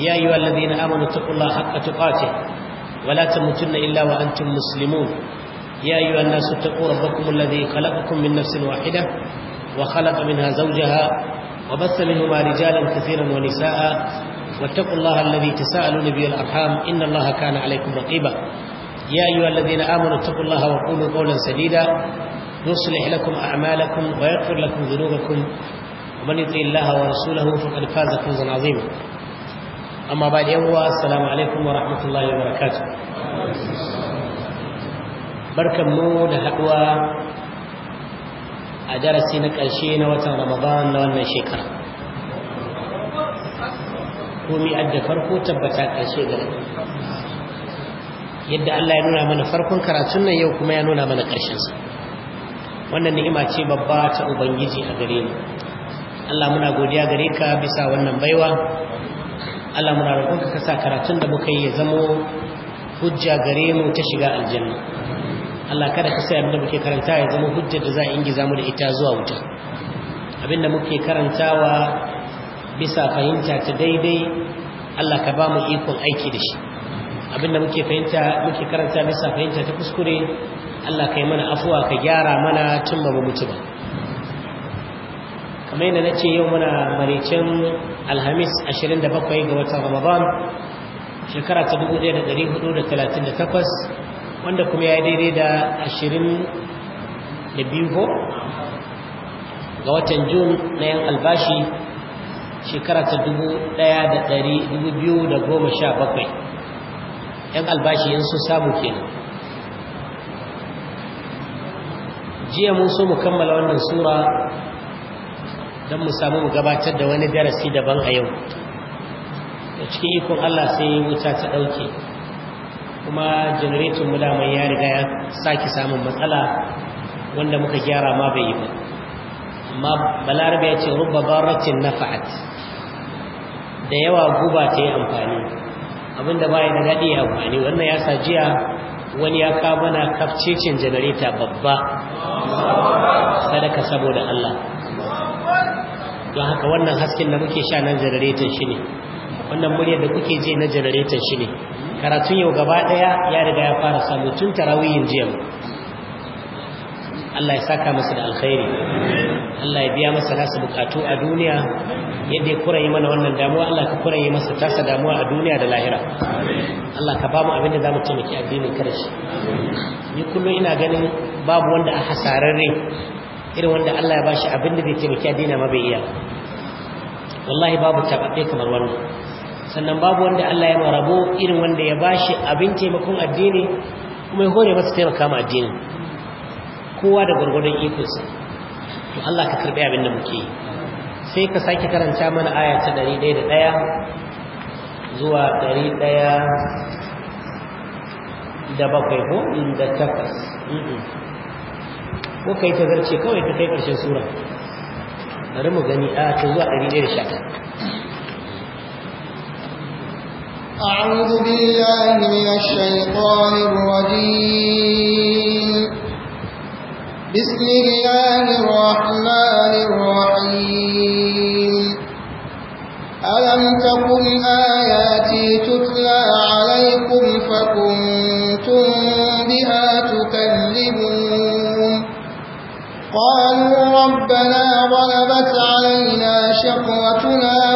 يا أيها الذين آمنوا اتقوا الله حق تقاته ولا تموتن إلا وأنتم مسلمون يا أيها الناس اتقوا ربكم الذي خلقكم من نفس واحدة وخلق منها زوجها وبث منهما رجالا كثيرا ونساء واتقوا الله الذي تساءلون به الأرحام إن الله كان عليكم رقيبا يا أيها الذين آمنوا اتقوا الله وقولوا قولا سديدا يصلح لكم أعمالكم ويغفر لكم ذنوبكم ومن يطيع الله ورسوله فقد فاز فوزا عظيما amma ba da yawa assalamu alaikum wa rahmatullahi wa barakatuh barkanmu da haduwa a darasi na ƙarshe na watan ramadan na wannan shekara komi adda farko tabbata ƙarshe ga yadda Allah ya nuna mana farkon karatun nan yau kuma ya nuna mana sa. wannan ni'ima ce babba ta ubangiji a gare mu Allah muna godiya gare ka bisa wannan baiwa Allah muna roƙonka ka sa karatun da muka yi ya zamo hujja gare mu ta shiga aljanna Allah kada ka sai abinda muke karanta ya zama hujjar da za a ingiza mu da ita zuwa wuta abinda muke karantawa bisa fahimta ta daidai Allah ka ba mu ikon aiki da shi abinda muke fahimta muke karanta bisa fahimta ta kuskure Allah ka yi mana afuwa ka gyara mana tun ba mu mutu ba kamar yadda na ce yau muna maricin alhamis 27 ga watan ramadan shekara ta 1438 wanda kuma ya yi daidai da 22 ko ga watan jun na yan albashi shekara ta 1217 yan albashi yin sun samu ke. jiya mun so mu kammala wannan sura don mu samu mu gabatar da wani darasi daban a yau da cikin ikon Allah sai wuta ta ɗauke kuma janaretin mu daman ya riga ya sake samun matsala wanda muka gyara ma bai yi ba amma balarabe ya ce rubba baratin nafa'at da yawa guba ta yi amfani abinda ba ya da daɗi ya amfani wannan ya sa jiya wani ya kama mana kafcecin janareta babba sadaka saboda Allah don haka wannan hasken da muke sha nan janareton shi ne wannan muryar da kuke je na janareton shi ne karatun yau gaba daya ya riga ya fara samu tun tarawiyin jiya Allah ya saka masa da alkhairi Allah ya biya masa nasu bukatu a duniya yadda ya kurayi mana wannan damuwa Allah ka kurayi masa tasa damuwa a duniya da lahira Allah ka ba mu abin da za mu taimaki addinin karshe ni kullum ina ganin babu wanda a hasararre irin wanda Allah ya bashi abin da zai taimaki addini ma bai iya wallahi babu tababbe kamar wannan sannan babu wanda Allah ya marabo irin wanda ya bashi abin taimakon addini kuma ya hore masa taimaka ma addini kowa da gwargwadon ikonsa to Allah ka karbi abin da muke sai ka sake karanta mana aya ta 101 zuwa 100 da bakwai ko da takwas ko kai ta zarce kawai ta kai karshen sura bari mu gani a ta zuwa 119 أعوذ بالله من الشيطان الرجيم بسم الله الرحمن الرحيم ألم تكن آياتي تتلى عليكم فكنتم 阿姆阿祖拉。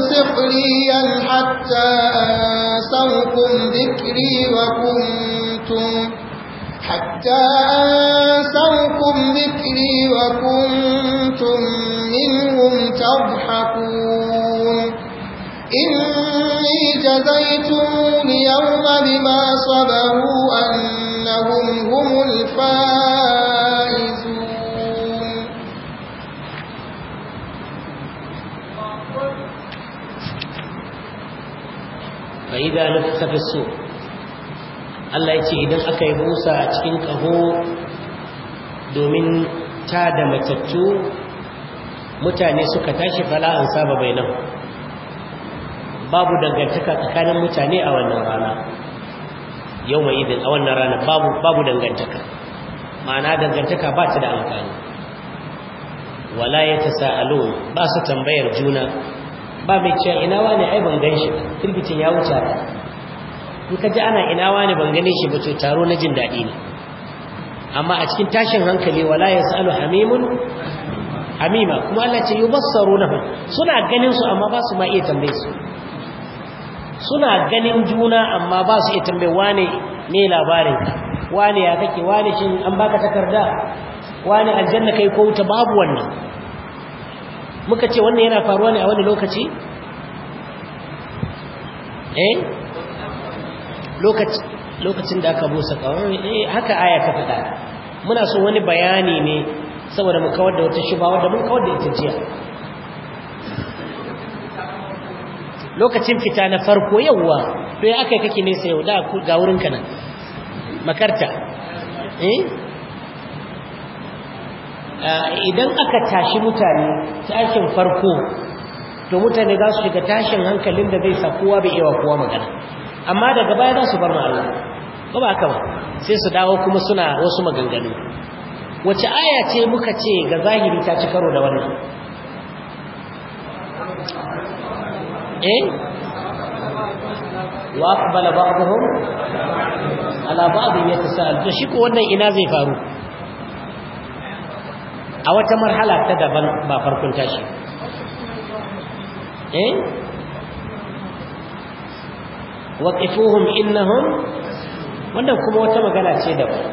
سخريا حتى أنسوكم ذكري وكنتم حتى أنسوكم ذكري وكنتم منهم تضحكون إني جزيتم اليوم بما صبروا أنهم هم الفاسقون idza nufikha fi so Allah ya ce idan aka yi busa a cikin kaho domin ta da matattu mutane suka tashi fala an saba bainan babu dangantaka tsakanin mutane a wannan rana yau mai idin a wannan rana babu dangantaka ma'ana dangantaka ba ta da amfani wala ya sa'alo ba su tambayar juna ba mai cewa ina wani ai ban gan shi ba firgicin ya wuce ba. in ka ji ana ina wani ban gane shi ba to taro na jin daɗi ne amma a cikin tashin hankali wala ya sa'alu hamimun hamima kuma Allah ce yubassarunahum suna ganin su amma ba su ma iya tambaye su suna ganin juna amma ba su iya tambaye wane ne labarin wane ya kake wane shin an baka takarda wane aljanna kai ko wuta babu wannan muka ce wannan yana faruwa ne a wani lokaci eh lokacin da aka busa kawai eh haka aya ta faɗa muna so wani bayani ne saboda mu kawar da wata shuba wadda mun kawar da ita jiya lokacin fita na farko yawwa to ya aka kake nesa yau da ga wurin nan makarta eh Eh, idan aka tashi mutane tashin farko to mutane za su shiga tashin hankalin da zai sa kowa bai yawa kowa magana amma daga baya za su bar ma'ala ba ba kama ba sai su dawo kuma suna wasu maganganu wace aya ce muka ce ga zahiri ta ci karo da wannan eh wa aqbala ba'dhum ala ba'd yatasal to shi ko wannan ina zai faru a wata marhala ta daban ba farkon tashi eh waqifuhum innahum wannan kuma wata magana ce daban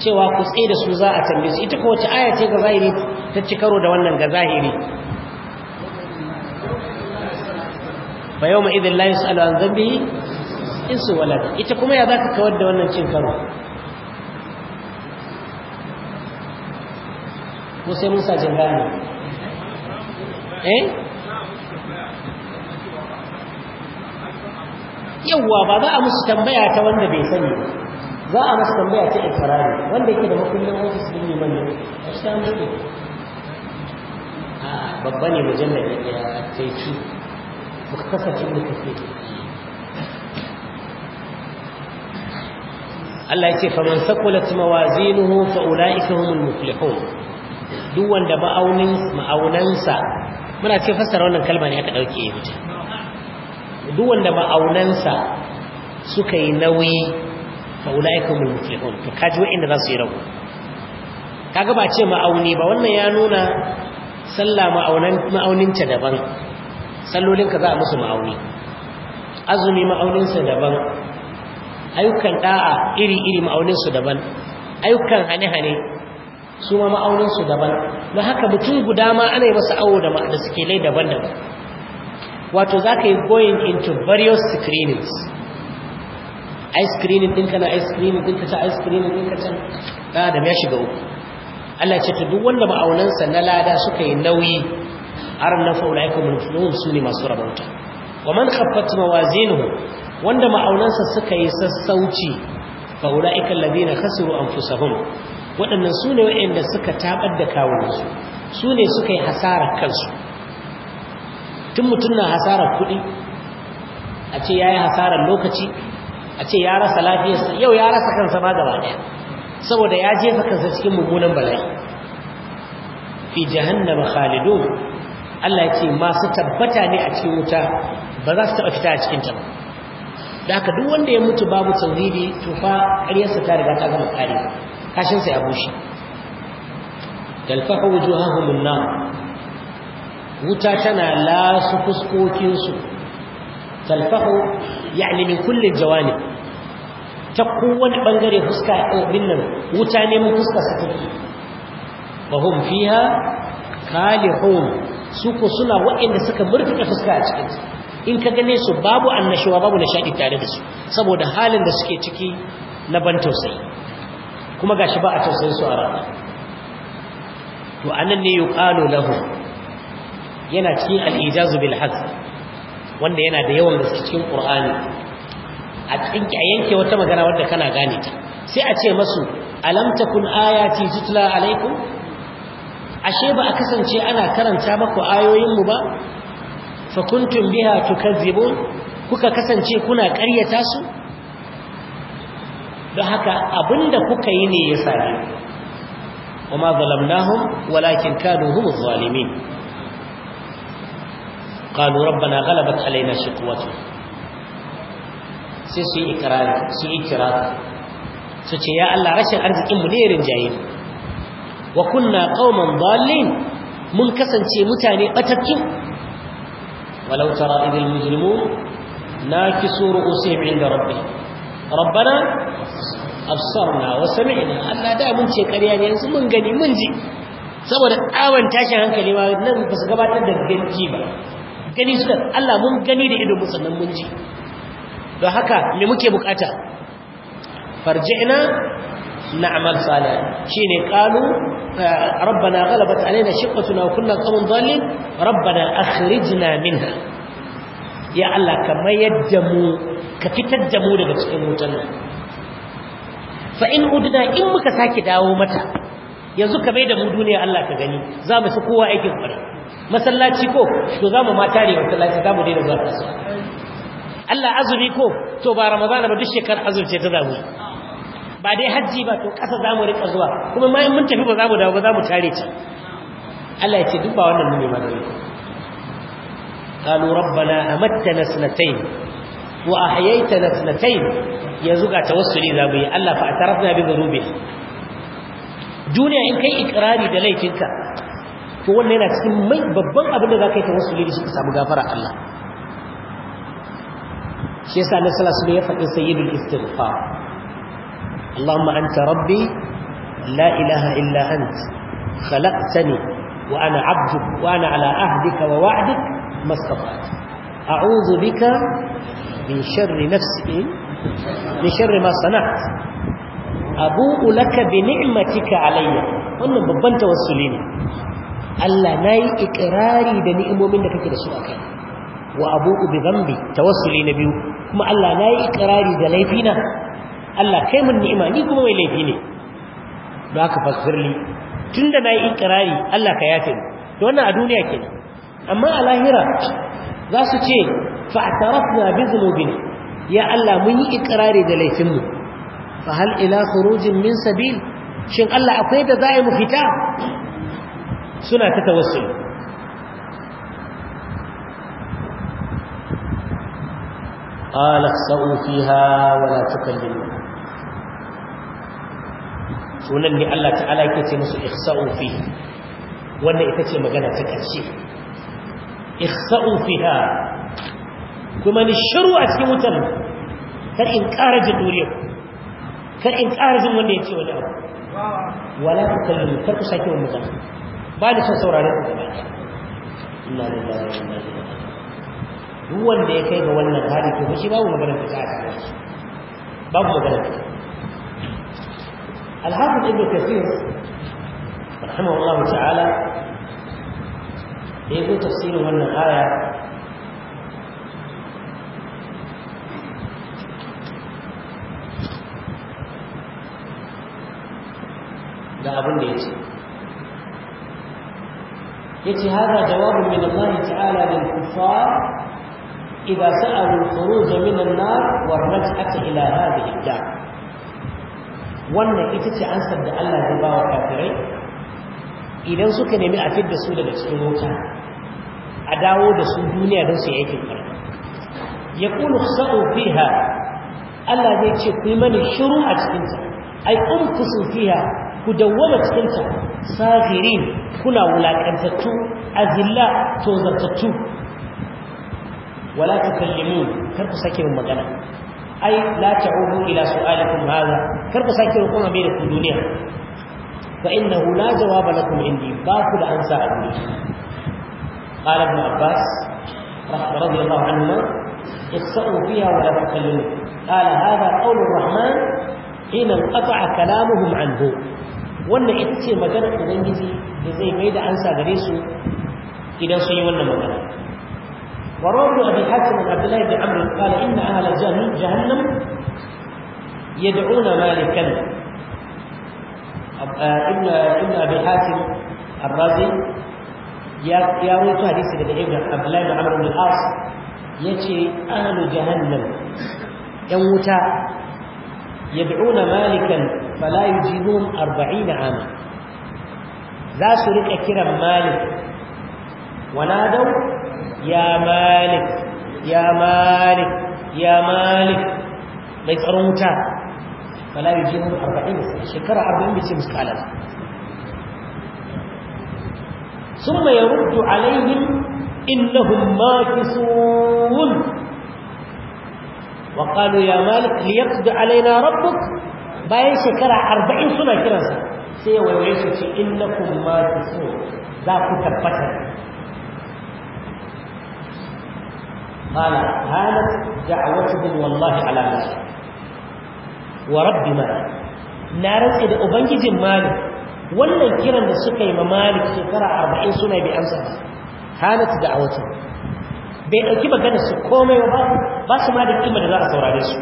cewa ku tsaye da su za a tambaye su ita ko wace aya ce ga zahiri ta ci karo da wannan ga zahiri fa yawma idhin la yus'alu an dhanbihi insu wala ita kuma ya zaka kawar da wannan cin karo ko sai mun sa jingani eh yawwa ba za a musu tambaya ta wanda bai sani ba za a musu tambaya ta ikrari wanda yake da makullin ofis din ne manne a shi an bude a babba ne mujallar da ya taici muka kasance inda kake Allah ya ce faman saqulat mawazinuhu fa ulaika humul muflihun duk wanda ma'aunin ma'aunansa muna ce fassara wannan kalma ne aka dauke mata duk wanda ma'aunansa suka yi nauyi fa ulaikumul muflihun to kaji wa'inda za su yi rauni kaga ba ce ma'auni ba wannan ya nuna sallah ma'auninta daban Sallolin ka za a musu ma'auni azumi ma'auninsa daban ayyukan da'a iri-iri ma'auninsu daban ayyukan hane-hane su ma ma'auninsu daban na haka mutum guda ma ana yi masa awo da ma'ada suke lai daban-daban wato za ka yi going into various screenings ice screening ɗinka na ice screening ɗinka ta ice screening ɗinka can ɗaya da ya shiga uku Allah ce ta duk wanda ma'aunansa na lada suka yi nauyi har na faula ikon mulkulun su ne masu rabauta wa man khaffat mawazinu wanda ma'aunansa suka yi sassauci faula ikan ladina khasiru anfusahum waɗannan su ne waɗanda suka taɓar da kawunansu su ne suka yi hasarar kansu tun mutum na hasarar kuɗi a ce ya yi hasarar lokaci a ce ya rasa lafiyarsa yau ya rasa kansa ba gaba ɗaya saboda ya jefa kansa cikin mummunan bala'i fi jahannama khalidu Allah ya ce masu tabbata ne a cikin wuta ba za su taɓa fita a cikin ta ba da haka duk wanda ya mutu babu tauhidi tufa fa ƙaryarsa ta riga ta gama ƙarewa kashinsa ya bushe talfahu wujuhahum an-nar wuta tana lasu fuskokin su talfahu yani min kulli jawani ta kowane bangare fuska ɗin eh, nan wuta ne mun fuska su take fahum fiha khalihun su ko suna waɗanda suka murtuka fuska a cikin su in ka gane su babu annashuwa babu nishaɗi tare da su saboda halin da suke ciki na ban tausayi kuma gashi ba a tausayin su a rana to anan ne yuqalu lahu yana cikin al-ijaz bil wanda yana da yawan gaske cikin qur'ani a cikin a yanke wata magana wanda kana gane ta sai a ce masu alam takun ayati tutla alaikum ashe ba a kasance ana karanta maku ayoyin mu ba fa kuntum biha tukazzibun kuka kasance kuna ƙaryata su don haka abinda kuka yi ne ya same kuma zalamnahum walakin kanu hum zalimin qalu rabbana ghalabat alaina shiqwatu sai su yi ikrari su yi ikrari su ce ya Allah rashin arzikin mu ne rinjaye wa kunna qauman dallin mun kasance mutane batattu walau tara idil mujrimun nakisu ru'usihim inda rabbihim rabbana absarna wa sami'na Allah da mun ce ƙarya ne yanzu mun gani mun ji saboda tsawon tashin hankali ma nan ba su gabatar da ganci ba gani suka Allah mun gani da ido sannan mun ji don haka me muke bukata farji'na na'mal salih shine qalu rabbana ghalabat alaina shiqatuna wa kunna qawman dhalin rabbana akhrijna minha ya Allah ka mayar da mu ka fitar da mu daga cikin wutan nan fa in udda in muka saki dawo mata yanzu ka mai da mu duniya Allah ka gani za mu fi kowa aikin fara masallaci ko to za mu ma tare masallaci za mu daina zuwa kasuwa Allah azumi ko to ba ramadana ba duk shekar azumce ta zamu ba dai hajji ba to kasa za mu rika zuwa kuma ma in mun tafi ba za mu dawo ba za mu tare ta Allah ya ce duk ba wannan ne magana قالوا ربنا أمتنا اثنتين وأحييتنا اثنتين يزوغ توسلي ذابي ألا فاعترفنا بذنوبه duniya in kai ikrari da laifinka to wannan yana cikin mai babban abin da za ka yi tawassuli da shi ka samu gafara Allah shi yasa na sallah sun ya faɗi sayyidul istighfar Allahumma rabbi la ilaha illa ant wa ana abduk ala ahdika wa wa'dik ما استطعت أعوذ بك من شر نفسي من شر ما صنعت أبوء لك بنعمتك علي wannan babban tawassuli ne Allah nayi ikrari da ni'imomin da kake da su akai wa abu'u bi dhanbi tawassuli na biyu kuma Allah nayi ikrari da laifina Allah kai mun ni'ima kuma mai laifi ne don haka fasirli tunda nayi ikrari Allah ka yafe ni wannan a duniya kenan amma a lahira za su ce fa'atarafna bi zunubina ya Allah mun yi ikrari da laifinmu fa hal ila khurujin min sabil shin Allah akwai da za a yi mu fita suna ta tawassul qala sa'u fiha wa la tukallimu sunan ne Allah ta'ala ke ce musu ihsa'u fihi wannan ita ce magana ta ƙarshe اخسأوا فيها كما نشروا أسكي متن كان إنكار جدوري كان إنكار جدوري ولا ولا تكلم فرق ساكي ومتن بعد سنصور سورة الأمان إنا لله وإنا لله هو اللي يكيب ولا تاري في مشي باو مبنى في كعاس باو مبنى في الحافظ ابن كثير رحمه الله تعالى da ya zo tafsirin wannan aya da abin da ya ce ya ce haɗa jawabin min Allah ta'ala lil kuffar idza sa'alu al-khuruj min an-nar wa raj'ata ila hadhihi ad-dar wannan ita ce ansar da Allah ya ba wa kafirai idan suka nemi a fidda su daga cikin wuta a dawo da su duniya don su yi aikin ƙarfi ya kulu sa'o fiha Allah zai ce ku yi mani shiru a cikin ta. ai umkusu fiha ku dawwama ta. sagirin kuna wulaƙantattu azilla tozartattu wala tukallimun kar ku sake yin magana ai la ta'udu ila su'alikum hadha kar ku sake kuma bai da ku duniya fa innahu la jawaba lakum indi ba ku da ansa a duniya قال ابن عباس رضي الله عنهما اخسأوا فيها ولا تكلموا قال هذا قول الرحمن حين انقطع كلامهم عنه وان اتسي مكان الانجزي لزي ميدا انسى غريسو اذا سي وان مكان ورد ابي حاتم عبد الله بن عمرو قال ان اهل جهنم يدعون مالكا ابن آه، ابن ابي حاتم الرازي ya ya rawaito hadisi daga Ibn Abdullah ibn Amr ibn al-As yace ahlu yan wuta ya yad'una malikan jihun yujibuhum 40 ana, za su rika kiran malik dau ya malik ya malik ya malik mai tsaron wuta fala yujibuhum 40 shekara 40 bice muskalan ثم يرد عليهم إنهم ماكسون وقالوا يا مالك ليقض علينا ربك باين شكرا أربعين سنة كرسا سيوى ويشوش إنكم ماكسون ذاك تبتا قال هانت دعوتهم والله على مالك ورب مالك نارس إذا أبنجي مالك wannan kiran da suka yi ma malik shekara arba'in suna bi amsa ba hanat da awatu bai ɗauki magana su komai ba ba su ma da kima da za a saurare su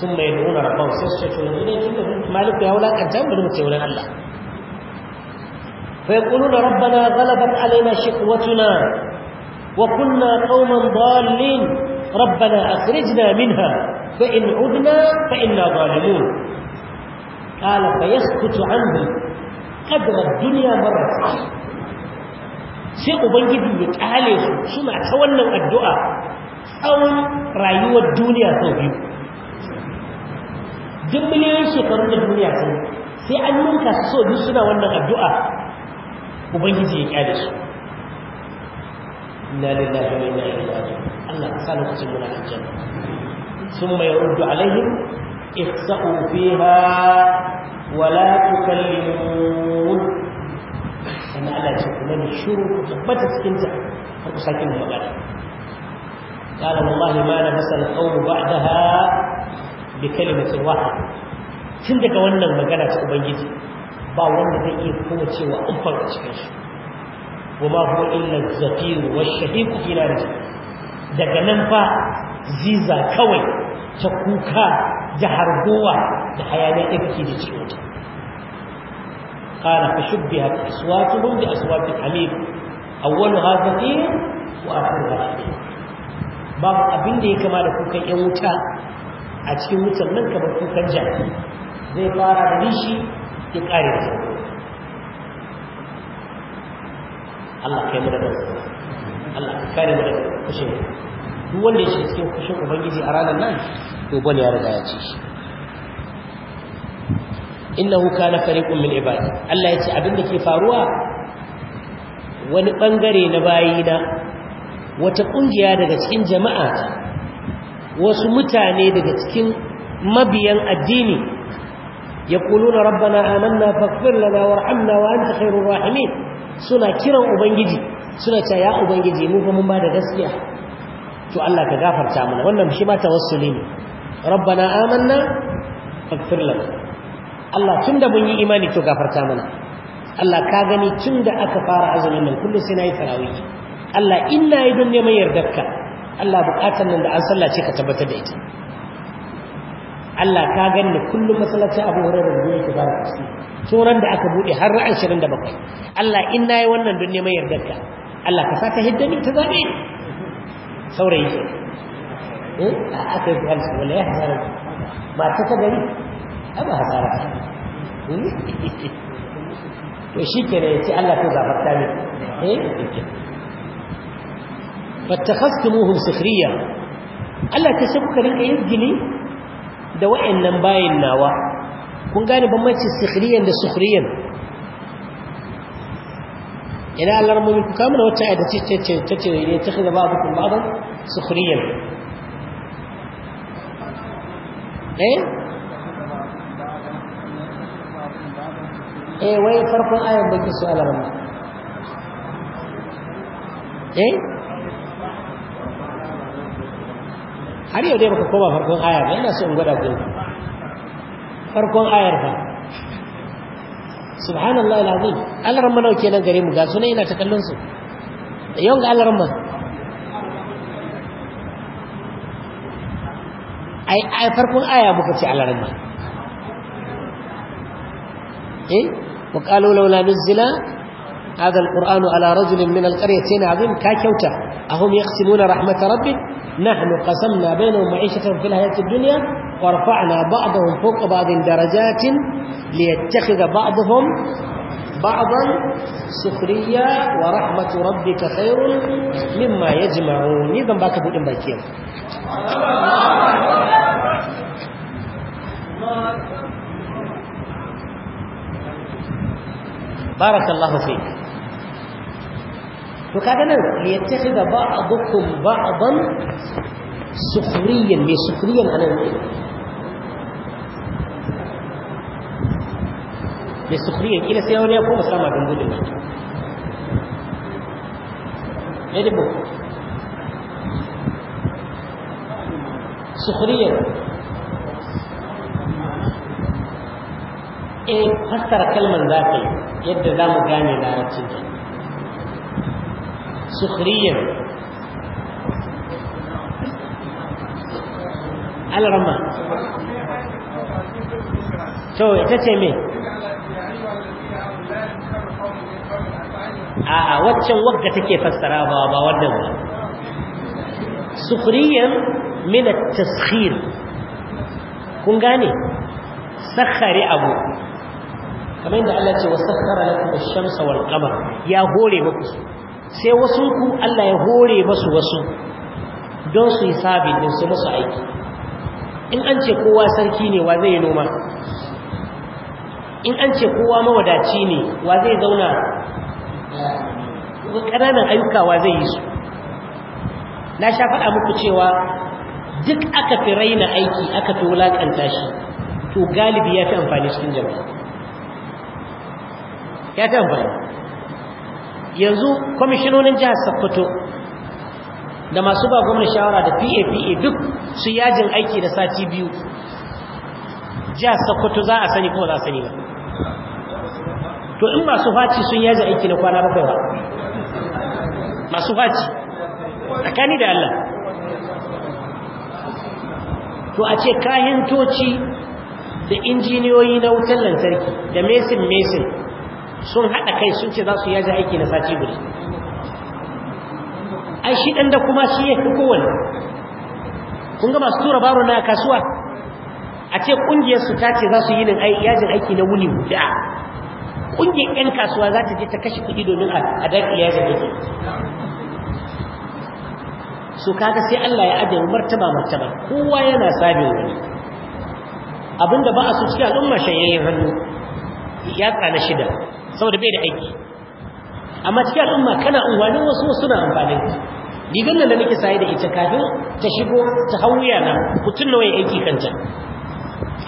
sun mai nuna rabon sai su ce to yanzu dai tun da malik ya wulakanta mu da mutum wurin allah فيقولون ربنا غلبت علينا شقوتنا وكنا قوما ضالين ربنا أخرجنا منها فإن عدنا فإنا ظالمون قال فيسكت عنه قدر الدنيا مرة sai ubangiji ya kyale su suna ta wannan addu'a tsawon rayuwar duniya sau biyu duk miliyoyin shekarun da duniya sau sai an ninka su sau biyu suna wannan addu'a ubangiji ya kyale su na lillahi wa inna ilaihi raji'un Allah ka sa lokacin muna aljanna sun mai rudu alaihim اخسأوا فيها ولا تكلمون sannan Allah ce kuma ne shiru ku tabbata cikin cikinta har ku sake mu magana قال na ما نفس القوم بعدها بكلمة واحدة tun daga wannan magana ta ubangiji ba wanda zai iya kuma cewa umfar a cikin shi wama huwa illa zafiru wa shahiku ila daga nan fa ziza kawai ta kuka Jihar jaharguwa da hayaniya ɗaya kake da cikin wuta kana ka shubbi a aswati mun da aswati halil awwalu hadha fi wa akhiru hadha babu abin ya kama da kukan ƴan wuta a cikin wutan nan ka bar ja zai fara da rishi ya ƙare ta Allah kai mu da Allah kai mu da kashe duk wanda ya shiga cikin kashin ubangiji a ranar nan to bal ya riga ya ci shi innahu kana fariqun min ibadi Allah ya ce abin da ke faruwa wani bangare na bayina wata ƙungiya daga cikin jama'a wasu mutane daga cikin mabiyan addini yaquluna rabbana amanna faghfir lana warhamna wa anta khairur rahimin suna kiran ubangiji suna cewa ya ubangiji mu fa mun ba da gaskiya to Allah ka gafarta mana wannan shi ma tawassuli ne rabbana amanna faghfir lana Allah tunda mun yi imani to gafarta mana Allah ka gani tunda aka fara azumin nan kullum sai nayi tarawih Allah inna yi don neman yardarka Allah bukatan nan da an sallace ka tabbatar da ita Allah ka gani kullum masallacin Abu Hurairah da yake ba shi tsoron da aka bude har ra'a 27 Allah inna yi wannan don neman yardarka Allah ka saka hiddani ta zabe saurayi إيه؟ أكيد غلس ولا يهزر ما تتبعي أما هزارة وشكرا يتي كذا فتاني فاتخذتموهم سخريا ألا تسبك لك يبجلي دواء نمباي النواة كون قاني بماتي سخريا لسخريا إلا الله رمو لكم كامل وتعيد تتخذ بعضكم بعضا سخريا eh eh wai farkon ayar baki su alarma eh har yau dai baka koma farkon ayar da ina so in gwada gudu farkon ayar ba subhanallah alazim alarma nau kenan gare mu ga sunan ina ta kallon su yau ga alarma أي أي فرقون آية بكتي على رجل إيه وقالوا لولا نزل هذا القرآن على رجل من القريتين عظيم كاكوتا أهم يقسمون رحمة ربك نحن قسمنا بينهم معيشتهم في الحياة الدنيا ورفعنا بعضهم فوق بعض درجات ليتخذ بعضهم بعضا سخرية ورحمة ربك خير مما يجمعون إذا باك بودن باكين بارك الله فيك وكذا ليتخذ بعضكم بعضا سخريا لسخريا أنا da sufuriya kila sai wani ya sama sufuriya eh, fassara kalmar za ka yi yadda za mu gane larabcin ta alrama to ita ce a'a waccan wagga take fassara ba ba wannan ba sukhriyan min at-taskhir kun gane sakhari abu kamar yadda Allah ce wasakhara lakum ash-shamsa wal qamar ya hore muku sai wasu ku Allah ya hore musu wasu don su yi sabi din su musu aiki in an ce kowa sarki ne wa zai noma in an ce kowa mawadaci ne wa zai zauna kuma ƙananan ayyukawa zai yi su na sha faɗa muku cewa duk aka fi raina aiki aka fi wulaƙanta shi to galibi ya fi amfani cikin jama'a ya fi amfani yanzu kwamishinonin jihar Sakkwato da masu ba gwamnan shawara da papa duk su yajin aiki da sati biyu jihar Sakkwato za a sani kuma za a sani ba to in masu faci sun yaji aiki na kwana bakwai ba masu faci tsakani da Allah to a ce kayan toci da injiniyoyi na wutar lantarki da mesin mesin sun haɗa kai sun ce za su yaji aiki na sati guda ai shi ɗan da kuma shi ya fi kowane kun ga masu tura baro na kasuwa a ce ƙungiyarsu ta ce za su yi yajin aiki na wuni guda ƙungiyar 'yan kasuwa za ta je ta kashe kuɗi domin a daƙi ya zama ke Su kaga sai Allah ya ajiye martaba martaba kowa yana sabin wani abinda ba a so cikin al'umma shanyayyen hannu ya tsana shida saboda bai da aiki amma cikin al'umma kana unwanin wasu wasu na amfani. rigar nan da nake saye da ita kafin ta shigo ta hau na mutum nawa ya aiki kanta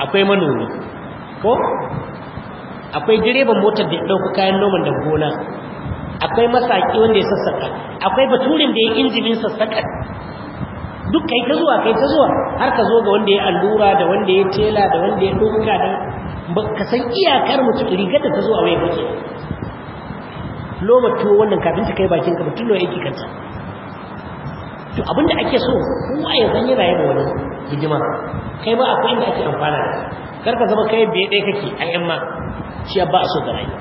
akwai manomi ko akwai direban motar da ya ɗauka kayan noman da gona akwai masaki wanda ya sassaka akwai baturin da ya injimin sassaka duk kai ta zuwa kai ta zuwa har ka zo ga wanda ya allura da wanda ya tela da wanda ya ɗauka da ka san iyakar mutum rigar da ta zo a waya kake loma tuwo wannan kafin ta kai bakin ka mutum yake kanta to abinda ake so kowa ya san yana yaba wani hidima kai ma akwai inda ake amfana da kar ka zama kai biye ɗaya kake an yan ma shi ba a so ga rayuwa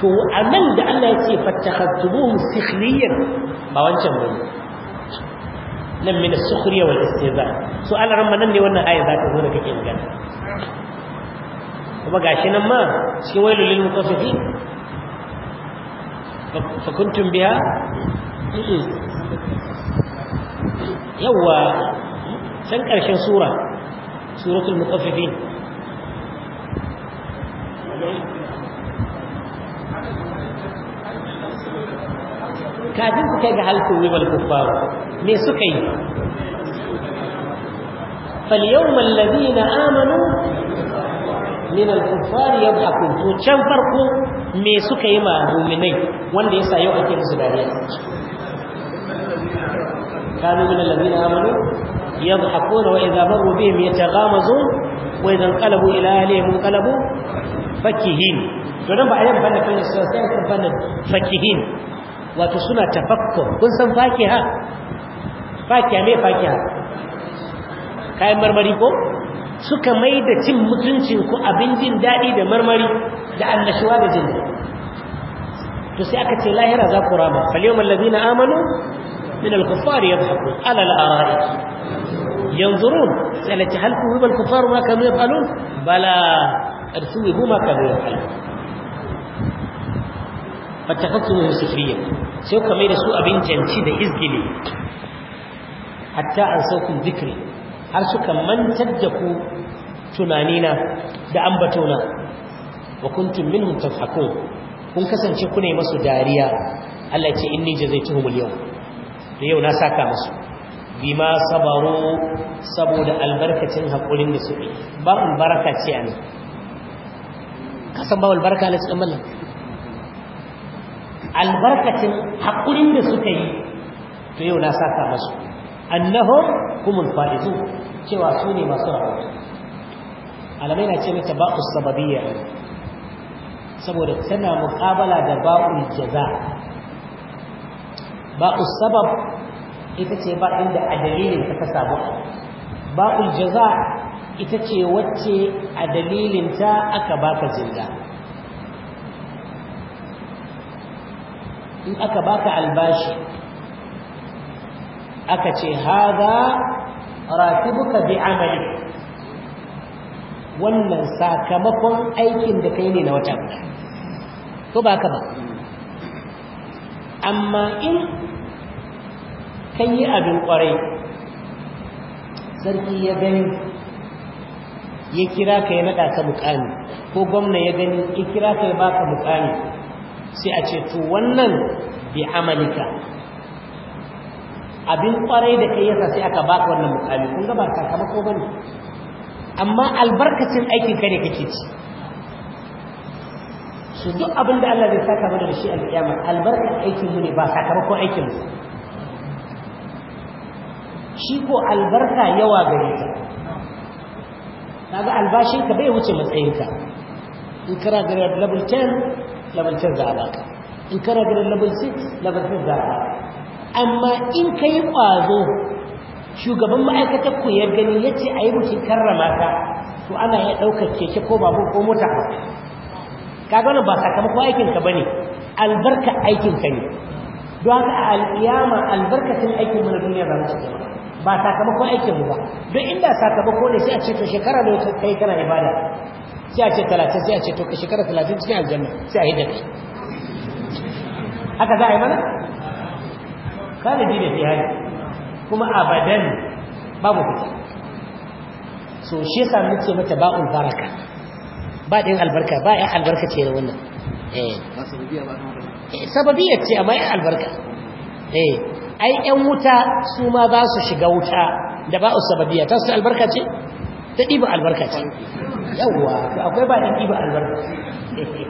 to a nan da Allah ya ce fattakhattubuhum sikhriyan ba wancan bane nan min as-sukhriya wal istihza so Allah ran nan ne wannan aya za ta zo da kake magana kuma gashi nan ma cikin wailul lil mutaffifin fa kuntum biha yawa san karshen sura suratul mutaffifin kafin su kai ga halkun ribar kuffaru me suka yi فاليوم الذين آمنوا من الكفار يضحكون to can farko me suka yi ma mu'minai wanda yasa yau ake musu dariya kanu min na amanu yadhhakuna wa idha mai bihim yataghamazun wa idha inqalabu ila ahlihim inqalabu fakihin to dan ba a yamma da fahimta sai sai ka fahimta fakihin wato suna tafakko, kun san fakiha fakiha ne fakiha kayan marmari ko suka mai da cin mutuncin ku abin jin daɗi da marmari da annashuwa da jin to sai aka ce lahira za ku rama falyawmal ladina amanu min al-kuffar yadhhaku ala al-ara'ik yanzurun sai la tahal kubbal kuffar ma kanu yafalun bala أرسله ما كان يفعل فاتخذتموه سخريا سيوك مير سوء بين zikiri إزجلي حتى أنسوكم ku هل سوك من تدكوا na. دعنبتونا وكنتم منهم تضحكون kun kasance kuna masu dariya Allah ce zai jazaituhumul yau da yau na saka masu bima sabaru saboda albarkacin haƙurin da suke ba albarka ce a san ba barka na cikin mallan albarkacin haƙurin da suka yi to yau na saka masu annahum humul fa'izu cewa su ne masu rahoto alamai na ce mata ba'u sababiyya saboda tana muƙabala da ba'u jaza ba'u sabab ita ce ba inda a dalilin ka ta samu Ba'u jaza ita ce wacce a dalilinta aka baka jinga in aka baka albashi aka ce haza ratibuka bi amali wannan sakamakon aikin da kai ne na wata ko ba ka ba amma in ka yi abin kwarai sarki ya gani ya kira ka ya naɗa ka mukami ko gwamna ya gani ya kira ka ya ka mukami sai a ce to wannan bi amalika abin kwarai da kai yasa sai aka baka wannan mukami kun ga ba ko bane amma albarkacin aikin kare kake ci su duk abin da Allah zai saka mana da shi alƙiyama albarkar aikin mu ne ba sakamakon aikin mu shi ko albarka yawa gare ta kaga albashin ka bai wuce matsayinka in kana gare level 10 level 10 da a in kana gare level 6 level 6 da a amma in ka yi ƙwazo shugaban ma'aikatar ku ya gani ya ce a yi karrama ka to ana ya ɗaukar keke ko babur ko mota kaga wannan ba sakamakon aikinka ba ne albarka aikinka ne don haka a alƙiyama albarkacin aikin mu na duniya za mu ci gaba ba sakamakon aikin ba don inda sakamako ne sai a ce to shekara da kai kana ibada sai a ce talatin sai a ce to ka shekara talatin cikin aljanna sai a hidda kai haka za a yi mana kalibi da hali, kuma abadan babu fita so shi yasa muke mata ba'ul baraka ba ɗin albarka ba ya albarka ce da wannan eh sababiyar eh, ce amma ya albarka eh ai ƴan wuta su ma za su shiga wuta da ba su sababiya, ta su albarka ce ta ɗiba albarka ce yawwa akwai ba ɗan ɗiba albarka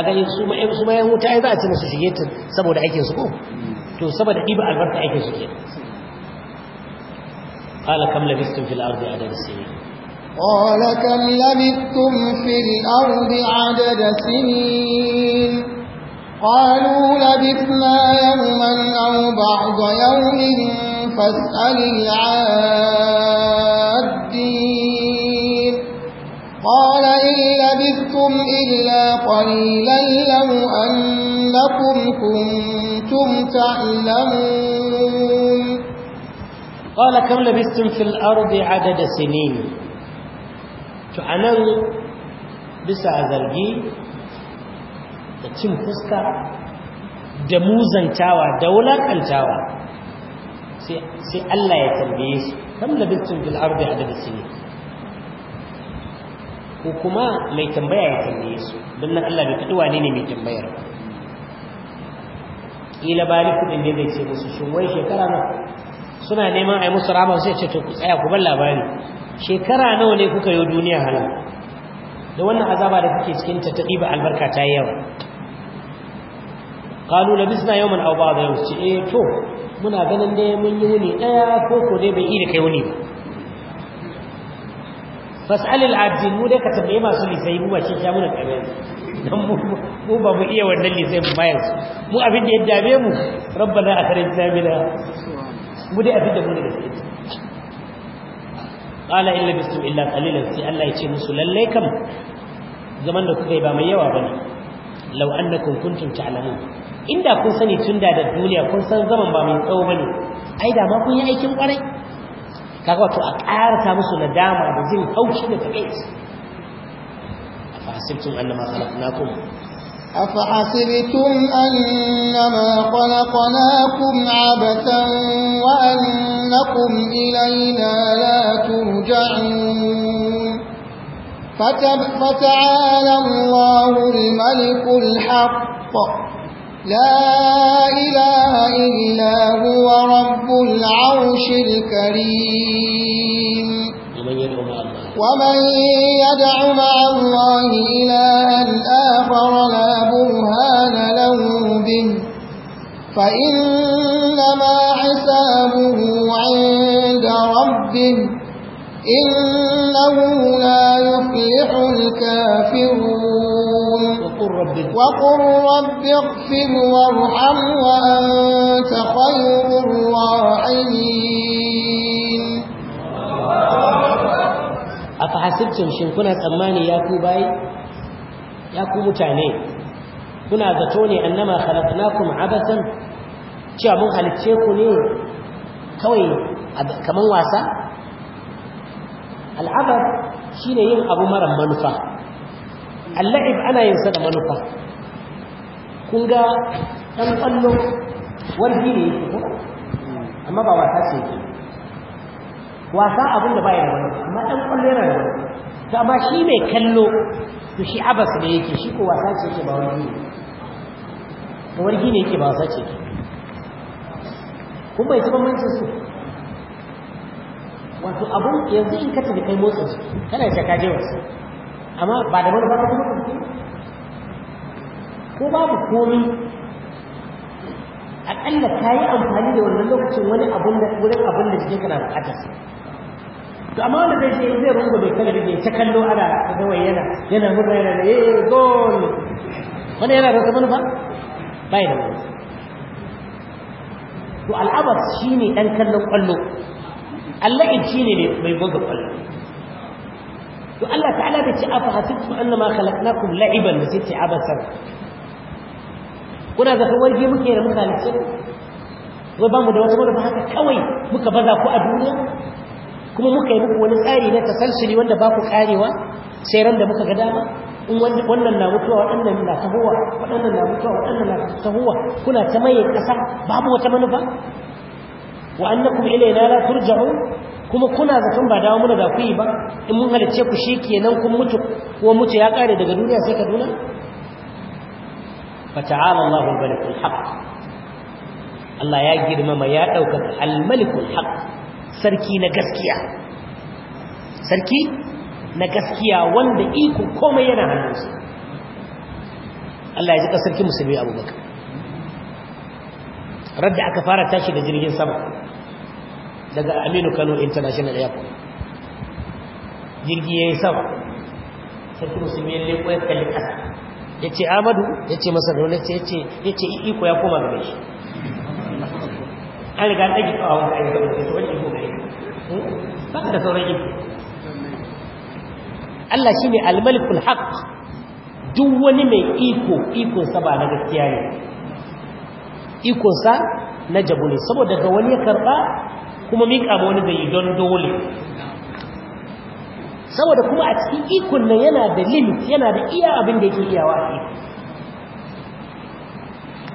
ka gani su ma ƴan su ma ƴan wuta ai za a ce musu shige ta saboda aikin su ko to saboda ɗiba albarka aikin su ke قال كم لبثتم في الأرض عدد السنين قال كم لبثتم في الأرض عدد سنين قالوا لبثنا يوما أو بعض يوم فاسأل العادين قال إن لبثتم إلا قليلا لو أنكم كنتم تعلمون قال كم لبثتم في الأرض عدد سنين تعلموا بسعى ذرقين da cin fuska da muzantawa da wulakantawa sai Allah ya tambaye su kam cin bil ardi adad sini ko kuma mai tambaya ya tambaye su don nan Allah bai faɗi wane ne mai tambayar ila kila bari kuɗin da zai ce musu shin wai shekara na suna neman a yi musu rama sai ce to ku tsaya ku bar labari shekara nawa ne kuka yi duniya halal da wannan azaba da kuke cikin ta ta ɗiba albarka ta yi yawa qalu labisna yawman aw ba'da yawm ce eh to muna ganin dai mun yi wuni daya ko ko dai bai yi da kai wuni ba fas'al al-abdin mu dai ka tambaye masu lisai mu ba shi ta muna kare dan mu mu ba mu iya wannan lisai mu bayan su, mu abin da ya dabe mu rabbana akhrijna mina mu dai abin da mu daga cikin qala illa bisum illa qalilan sai Allah ya ce musu lalle kam zaman da kuka yi ba mai yawa bane law annakum kuntum ta'lamun inda kun sani tun da da duniya kun san zaman ba mai tsawo ba ne, ai da ma kun yi aikin kwarai kaga wato a ƙarata musu nadama da jin haushi da takaici afahasibtum annama khalaqnakum أفحسبتم أنما خلقناكم عبثا وأنكم إلينا لا ترجعون فتعالى الله الملك الحق لا إله إلا هو رب العرش الكريم ومن يدع مع الله إلها آخر لا برهان له به فإنما حسابه عند ربه إنه لا يفلح الكافرون وقل رب وقل رب اغفر وارحم وأنت خير الراحمين أفحسبتم شن كنا تأماني يا كوباي يا كوبتاني كنا ذاتوني أنما خلقناكم عبثا cewa mun halicce ku ne kawai kaman wasa al'abar shine yin abu mara manufa alla'ib ana yin sa da manufa kun ga ɗan ƙwallo warfi ne yake ko amma ba wasa ce yake wasa abin da baya wani amma ɗan ƙwallo yana da wani to amma shi mai kallo to shi abas da yake shi ko wasa ce yake ba warfi ne to warfi ne yake ba wasa ce yake kun bai ci bambancin su wato abun yanzu in ka tafi kai motsa su kana shaka je wasu amma ba da manufa kuma ku ko babu komi akalla ka yi amfani da wannan lokacin wani abun da wurin abun da jikin kana bukatar sa to amma wanda zai ce zai rungu mai kala rige ta kallo ana kawai yana yana murna yana da eh gol wani yana da manufa bai da manufa to al'abar shine dan kallon kwallo Allah in shine mai buga kwallo to Allah ta'ala bai ce afa hasibtum annama khalaqnakum la'iban da sai ce abasan kuna zaka warge muke da muka halice wai bamu da wata ba haka kawai muka baza ku a duniya kuma muka yi muku wani tsari na tasalsuli wanda ba ku karewa sai ran da muka ga dama in wannan na mutuwa waɗannan na tahowa waɗannan na mutuwa waɗannan na tahowa kuna ta maye ƙasa babu wata manufa wa annakum ilayna la turja'un kuma kuna zaton ba dawo muna da ku yi ba in mun halice ku shi ke nan, kun mutu ko mutu ya kare daga duniya sai ka kaduna fata'ala Allahu al-malikul haqq Allah ya girmama ya daukaka al-malikul haqq sarki na gaskiya sarki na gaskiya wanda iko komai yana hannunsa Allah ya jika sarki musulmi Abubakar radda aka fara tashi da jirgin sama daga aminu kano international airport jirgi ya yi sama sarki musulmi ya leko ya kalli ƙasa ya ce amadu ya ce masar raunar ya ce ya ce iko ya koma gare shi an riga ɗage kawo yi ayyukan da sauran iko gare hmm? ba ka da sauran iko Allah shi ne almalikul haq duk wani mai iko ikonsa ba na gaskiya ne ikonsa na jabu ne saboda ga wani ya karɓa kuma miƙa ma wani zai don dole saboda kuma a cikin ikon nan yana da limit yana da iya abin da yake iyawa a iko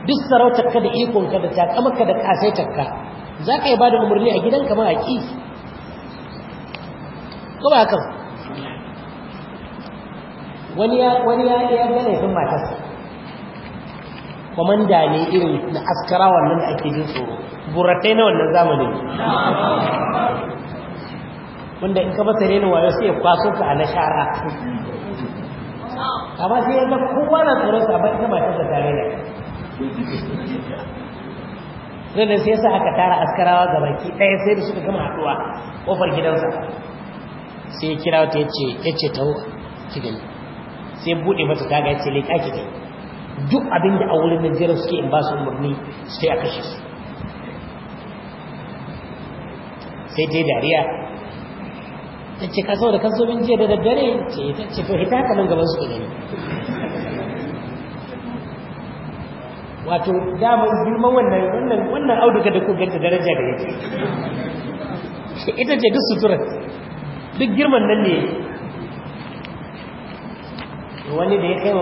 duk sarautarka da ikonka da takamarka da takka, za ka yi ba da umarni a gidan kama a ƙi Kuma kan wani ya gane laifin matarsa kwamanda ne irin na askara wannan da ake jin tsoro buratai na wannan zamanin wanda in ka basa renin wayo sai ya kwaso ka a nashara shara amma sai ya kowa na tsoron sa ba ita ba ta da tare da sannan sai sa aka tara askarawa ga baki ɗaya sai da suka gama haɗuwa ƙofar gidansa sai ya kira wata ya ce ta ki gani sai buɗe mata taga ya ce leƙa ki gani duk abin da a wurin najeriya suke in ba su umarni sai a kashe su sai ta yi dariya ta ce ka da min jiya da daddare ce ta ce to hita kamar nan gaban su gani wato damar girman wannan wannan wannan auduga da ku ganta daraja da yake ita ce duk sutura duk girman nan ne wani da ya kai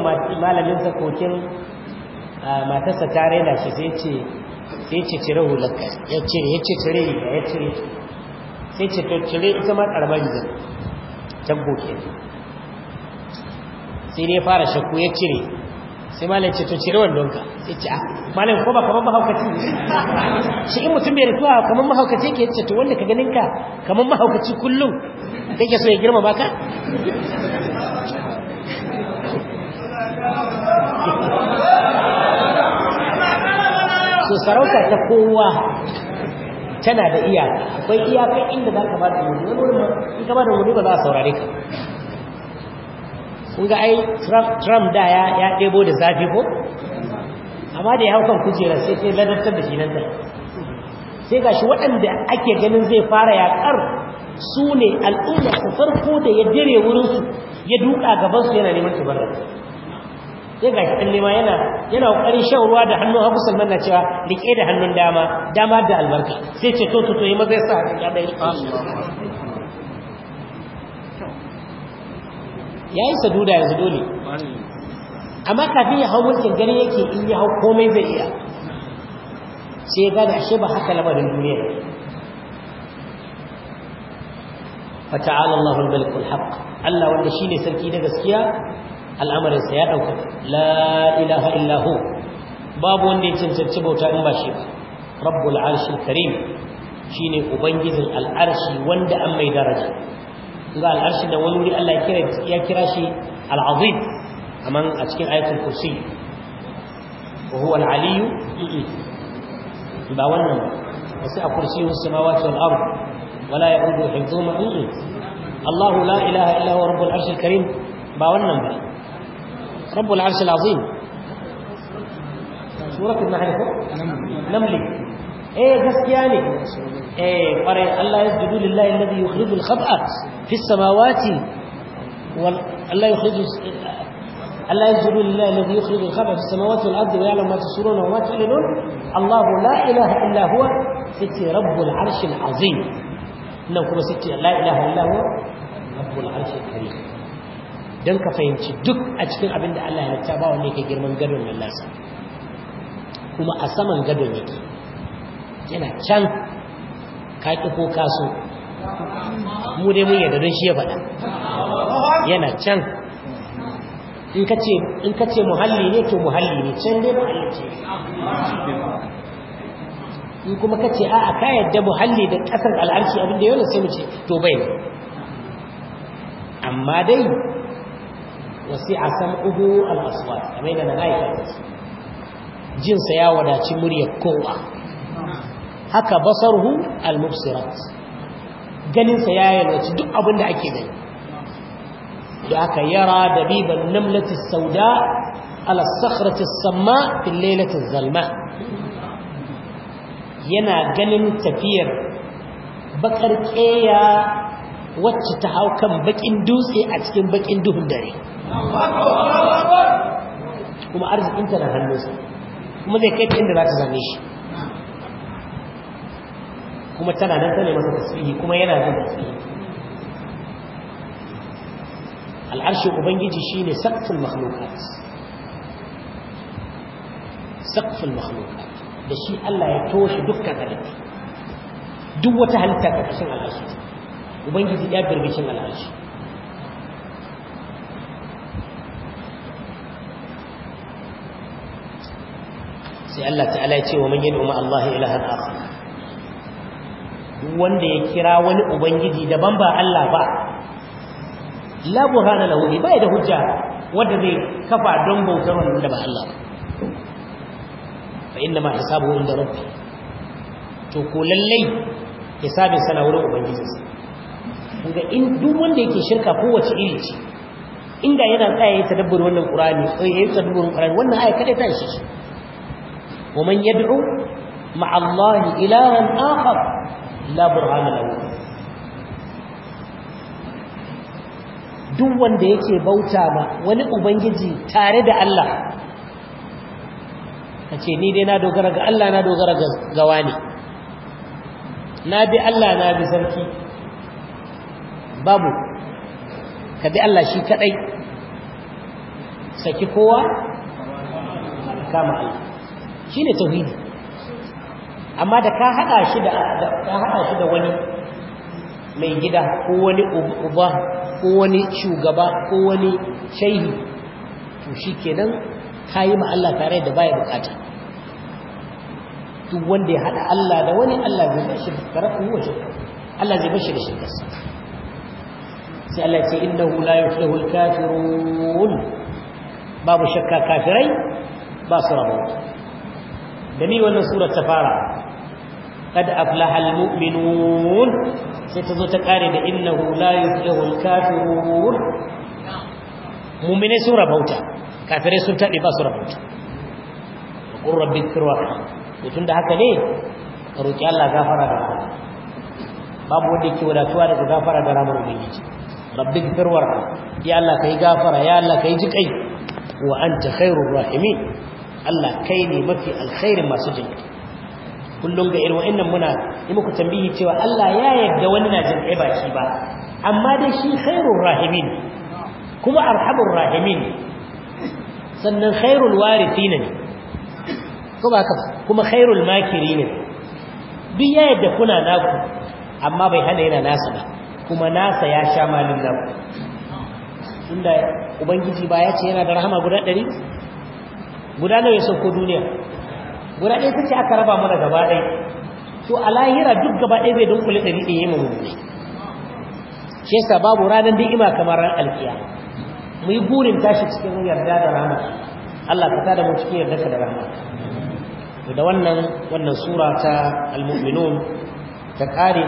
malaminsa kokin matarsa ta raina shi sai ce sai ce cire hulaka ya cire ya ce cire riga ya cire sai ce to cire ita ma karamar rigar ta goke sai ne fara shakku ya cire sai malam ce to cire wandonka sai ce ah, malam ko ba kamar mahaukaci shi in mutum bai rikuwa kamar mahaukaci ke ce to wanda ka ganin ka kamar mahaukaci kullum kake so ya girma baka so sarauta ta kowa tana da iyaka akwai iyaka inda za ka ba da wani wani in ka ba da wani ba za a saurare ka kun ga ai trump da ya ɗebo da zafi ko amma da ya hau kan kujera sai sai ladabtar da shi nan da sai ga shi waɗanda ake ganin zai fara yaƙar su ne al'umma su farko da ya dire wurinsu ya duka gabansu yana neman tabarra sai ga shi nema yana yana kokarin shan ruwa da hannun hagu sannan na cewa rike da hannun dama dama da albarka sai ce to to to yi maza ya sa ya dai ya yi saduda yanzu dole amma kafin ya hau mulkin gari yake in ya hau komai zai iya sai ya gane ashe ba haka lamarin duniya fata'ala Allahul Malikul Haqq Allah wanda shine sarki na gaskiya al'amarinsa ya ɗauka la ilaha illahu babu wanda ya cancanci bauta in ba shi ba rabbul arshil karim ne ubangijin al'arshi wanda an mai daraja ga al'arshi da wani wuri Allah ya kira shi al'azim kaman a cikin ayatul kursi wa huwa al'aliyu ba wannan ba sai a kursi samawati wal al'aru. wala ya ya'udu hifdhuhuma Allahu la ilaha illa huwa rabbul arshil karim ba wannan ba رب العرش العظيم شو سورة المعرفة نملي ايه يعني ايه قرأ الله يسجد لله الذي يخرج الخبأ في السماوات وال... الله يخرج الله يسجد لله الذي يخرج الخبأ في السماوات والأرض ويعلم ما تسرون وما تعلنون الله لا إله إلا هو ستي رب العرش العظيم إنه كما ستي لا إله إلا هو رب العرش الكريم don ka fahimci duk a cikin abin da Allah ta ba wanda yake girman gadon nan nasa kuma a saman gadon yake yana can ka ƙi ko kaso mu dai mun yadda don shi ya faɗa yana can in ka ce muhalli ne to muhalli ne can dai muhalli ce in kuma ka ce a'a ka yadda muhalli da ƙasar al'arci abin da yau sai mu ce to bai ne amma dai wasi'a sam'uhu al-aswat kamar da na jin sa ya wadaci muryar kowa haka basaruhu al-mubsirat ganin sa ya yalwaci duk abin da ake gani da aka yara dabiban namlati sauda ala sakhrati samma fil lailati zalma yana ganin tafiyar bakar keya wacce ta hau kan bakin dutse a cikin bakin duhun dare kuma arzikinta na hannunsa kuma zai kai ta inda za ta zane shi kuma tana nan ta ne masa tasbihi kuma yana jin tasbihi al'arshin ubangiji shi ne saqful makhluqat saqful makhluqat da shi Allah ya toshe dukkan halitta duk wata halitta ta kashin al'arshi ubangiji ya birbishin al'arshi sai Allah ta'ala ya ce wa man yad'u ma Allah ilahan akhar wanda ya kira wani ubangiji daban ba Allah ba la burhana lahu ba bai da hujja wanda zai kafa don bautar wanda ba Allah ba fa inna ma hisabuhu inda rabbi to ko lallai hisabin sana wurin ubangijinsa ga in duk wanda yake shirka kowace iri ce inda yana tsaya ya tadabbur wannan qur'ani ko eh, ya tadabbur qur'ani wannan aya kada ta shi ومن يدعو مع الله إلها آخر لا برهان له duk wanda yake bauta ma wani ubangiji tare da Allah ka ce ni dai na dogara ga Allah na dogara ga gawa ne na bi Allah na bi sarki babu ka bi Allah shi kadai saki kowa kama Allah shine tauhidi amma da ka hada shi da ka hada shi da wani mai gida ko wani uba ko wani shugaba ko wani shehi to shikenan kai ma Allah tare da baya bukata duk wanda ya hada Allah da wani Allah zai bashi da tarafu wa shirka Allah zai bashi da shirka sai Allah ce innahu la yuflihu al-kafirun babu shakka kafirai ba su rabauta da ni wannan surar قد أفلح المؤمنون ستزوت قارب إنه لا يفلح الكافرون مؤمنين سورة بوتا كافرين سورة إبا سورة بوتا وقل رب اذكر وقع وتند حكا ليه روكي الله غافر غافر باب وديك ولا توارك غافر غرامر وميجي رب اذكر وقع يا الله كي غافر يا الله كي جكي وأنت خير الراحمين Allah kai ne mafi alkhairin masu jinkai kullum ga irin wa'annan muna yi muku tambihi cewa Allah ya yarda wani na jinkai baki ba amma dai shi khairur rahimin kuma arhamur rahimin sannan khairul warithin ne kuma kuma khairul makirin ne duk ya yarda kuna naku amma bai hana yana nasa ba kuma nasa ya sha malin naku inda ubangiji ba ya ce yana da rahama guda ɗari. guda nawa ya sauko duniya guda ɗaya ta ce aka raba mana gaba ɗaya to a lahira duk gaba ɗaya bai dunkule ɗari ɗaya mu mummuni shi yasa babu ranar ni'ima kamar ran alkiya mu yi burin tashi cikin yarda da rana Allah ka tada mu cikin yarda da rana to da wannan wannan sura ta almu'minun ta kare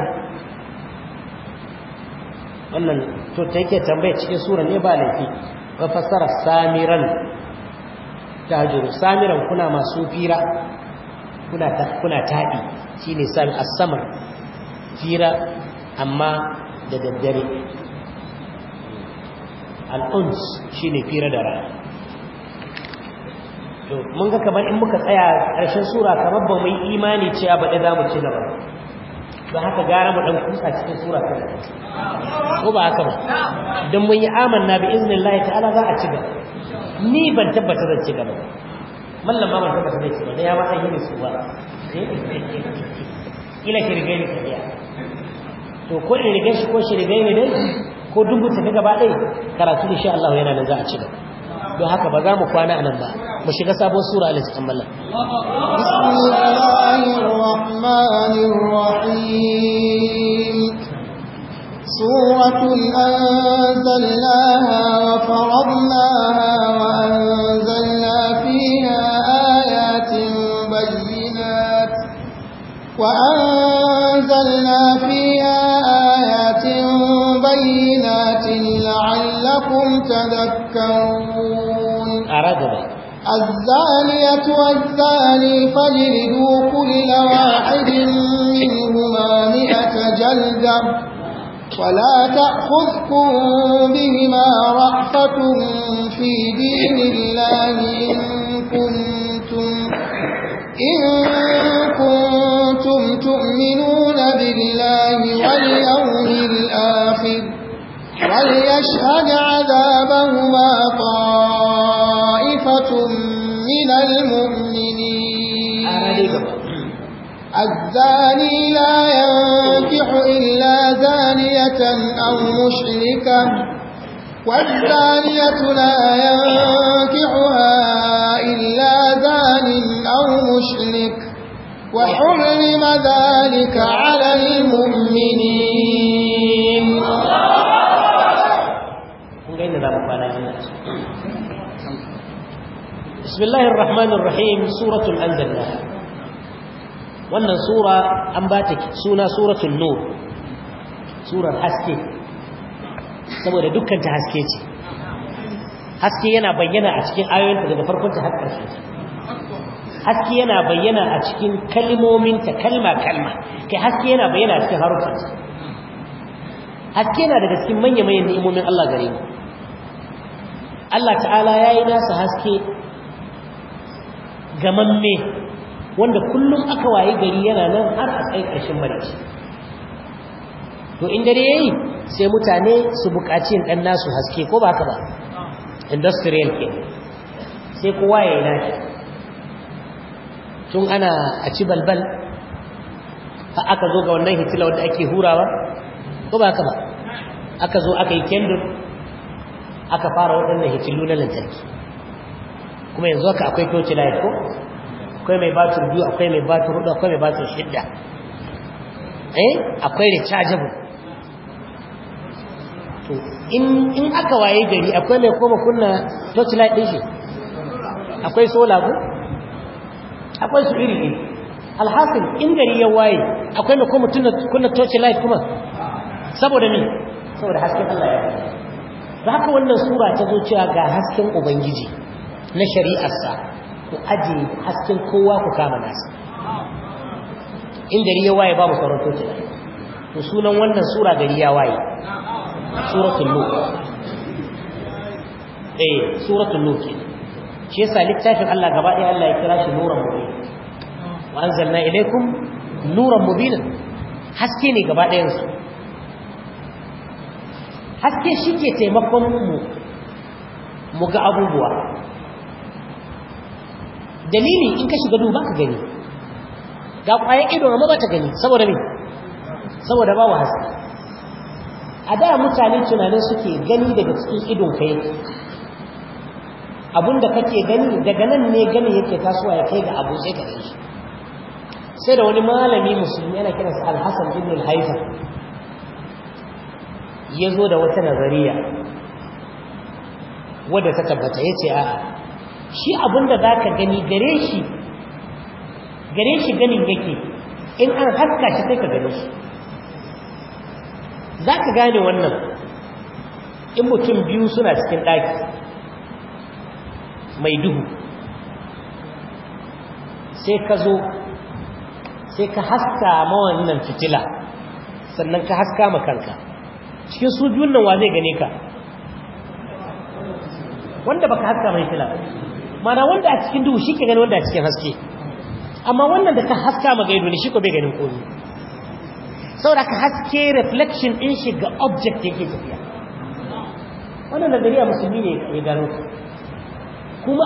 wannan to take tambaya cikin sura ne ba laifi wa fassara samiran tajiru samiran kuna masu fira kuna ta kuna taɗi shine san as-samar fira amma da daddare al-uns shine fira da rana to mun ga kamar in muka tsaya ƙarshen sura kamar ba mai yi imani cewa ba da mu ci gaba don haka gara mu dan kusa cikin sura ta ko ba haka ba don mun yi amanna bi iznillahi ta'ala za a ci gaba ni ban tabbata da cika ba, mallam ma ban tabbata zai ci gaba ya ba ayyuka su ba ila shirgai ne tafiya to ko in rigar shi ko shirgai ne dai ko dubu tafi gaba ɗai karatu insha Allah yana nan za a ci gaba don haka ba za mu kwana anan ba mu shiga sabon sura alaihi sallam Bismillahir rahmanir rahim سورة أنزلناها وفرضناها وأنزلنا فيها آيات بينات وأنزلنا فيها آيات بينات لعلكم تذكرون أردنا الزانية والزاني فاجلدوا كل واحد منهما مئة جلدة ولا تأخذكم بهما رأفة في دين الله إن كنتم, إن كنتم تؤمنون بالله واليوم الآخر وليشهد عذابهما طائفة من المؤمنين الزاني لا ينكح إلا زانية أو مشركة والزانية لا ينكحها إلا زان أو مشرك وحرم ذلك على المؤمنين بسم الله الرحمن الرحيم سورة أنزلناها wannan sura an ba ta suna suratul nur surar haske saboda dukkan ta haske ce haske yana bayyana a cikin ayoyinta daga farkon ta har ƙarshe haske yana bayyana a cikin ta kalma kalma kai haske yana bayyana a cikin harufansa haske yana daga cikin manya-manyan ni'imomin Allah gare mu Allah ta'ala ya yi nasa haske mamme. wanda kullum aka waye gari yana nan har a kai ƙarshen maraice to in dare yayi sai mutane su buƙaci ɗan nasu haske ko ba haka ba industrial ke sai kowa ya yi nashi tun ana a ci balbal ha aka zo ga wannan hitila wanda ake hurawa ko ba haka ba aka zo aka yi kendur aka fara waɗannan hitilu na lantarki kuma yanzu haka akwai toci light ko akwai mai batir biyu akwai mai batir hudu akwai mai batir shidda eh akwai rechargeable to in in aka waye gari akwai mai koma kunna light din shi akwai solar ko akwai su iri iri alhasil in gari ya waye akwai mai koma kunna light kuma saboda me saboda hasken Allah ya za ka wannan sura ta zo cewa ga hasken ubangiji na shari'arsa ku ajiye hasken kowa ku kama nasa in riya waye babu sauran tutu to sunan wannan sura da riya waye suratul nur eh suratul nur shi yasa littafin Allah gaba ɗaya Allah ya kira shi nuran mubin wa anzalna ilaykum nuran mubin haske ne gaba ɗayan su haske shike taimakon mu mu ga abubuwa dalili in ka shiga duba ka gani ga kwayan ido ma ba ta gani saboda ne saboda ba haske a da mutane tunanin suke gani daga cikin idon ka yake abinda kake gani daga nan ne gani yake tasowa ya kai ga abu sai ka shi sai da wani malami musulmi yana kiransa alhassan ibn al-haifa ya zo da wata nazariya wadda ta tabbata ya ce a'a shi abinda za ka gani gare shi gare shi ganin yake in an haska shi sai ka gane shi za ka gane wannan in mutum biyu suna cikin ɗaki mai duhu sai ka zo sai ka haska ma fitila sannan ka haska makanka kanka cikin su biyun nan wa zai gane ka wanda baka haska mai fitila mana wanda a cikin duhu shi ke gani wanda a cikin haske amma wannan da ka haska magaido gaido ne shi ko bai ganin komi saboda ka haske reflection in shi ga object yake tafiya wannan a musulmi ne ya gano kuma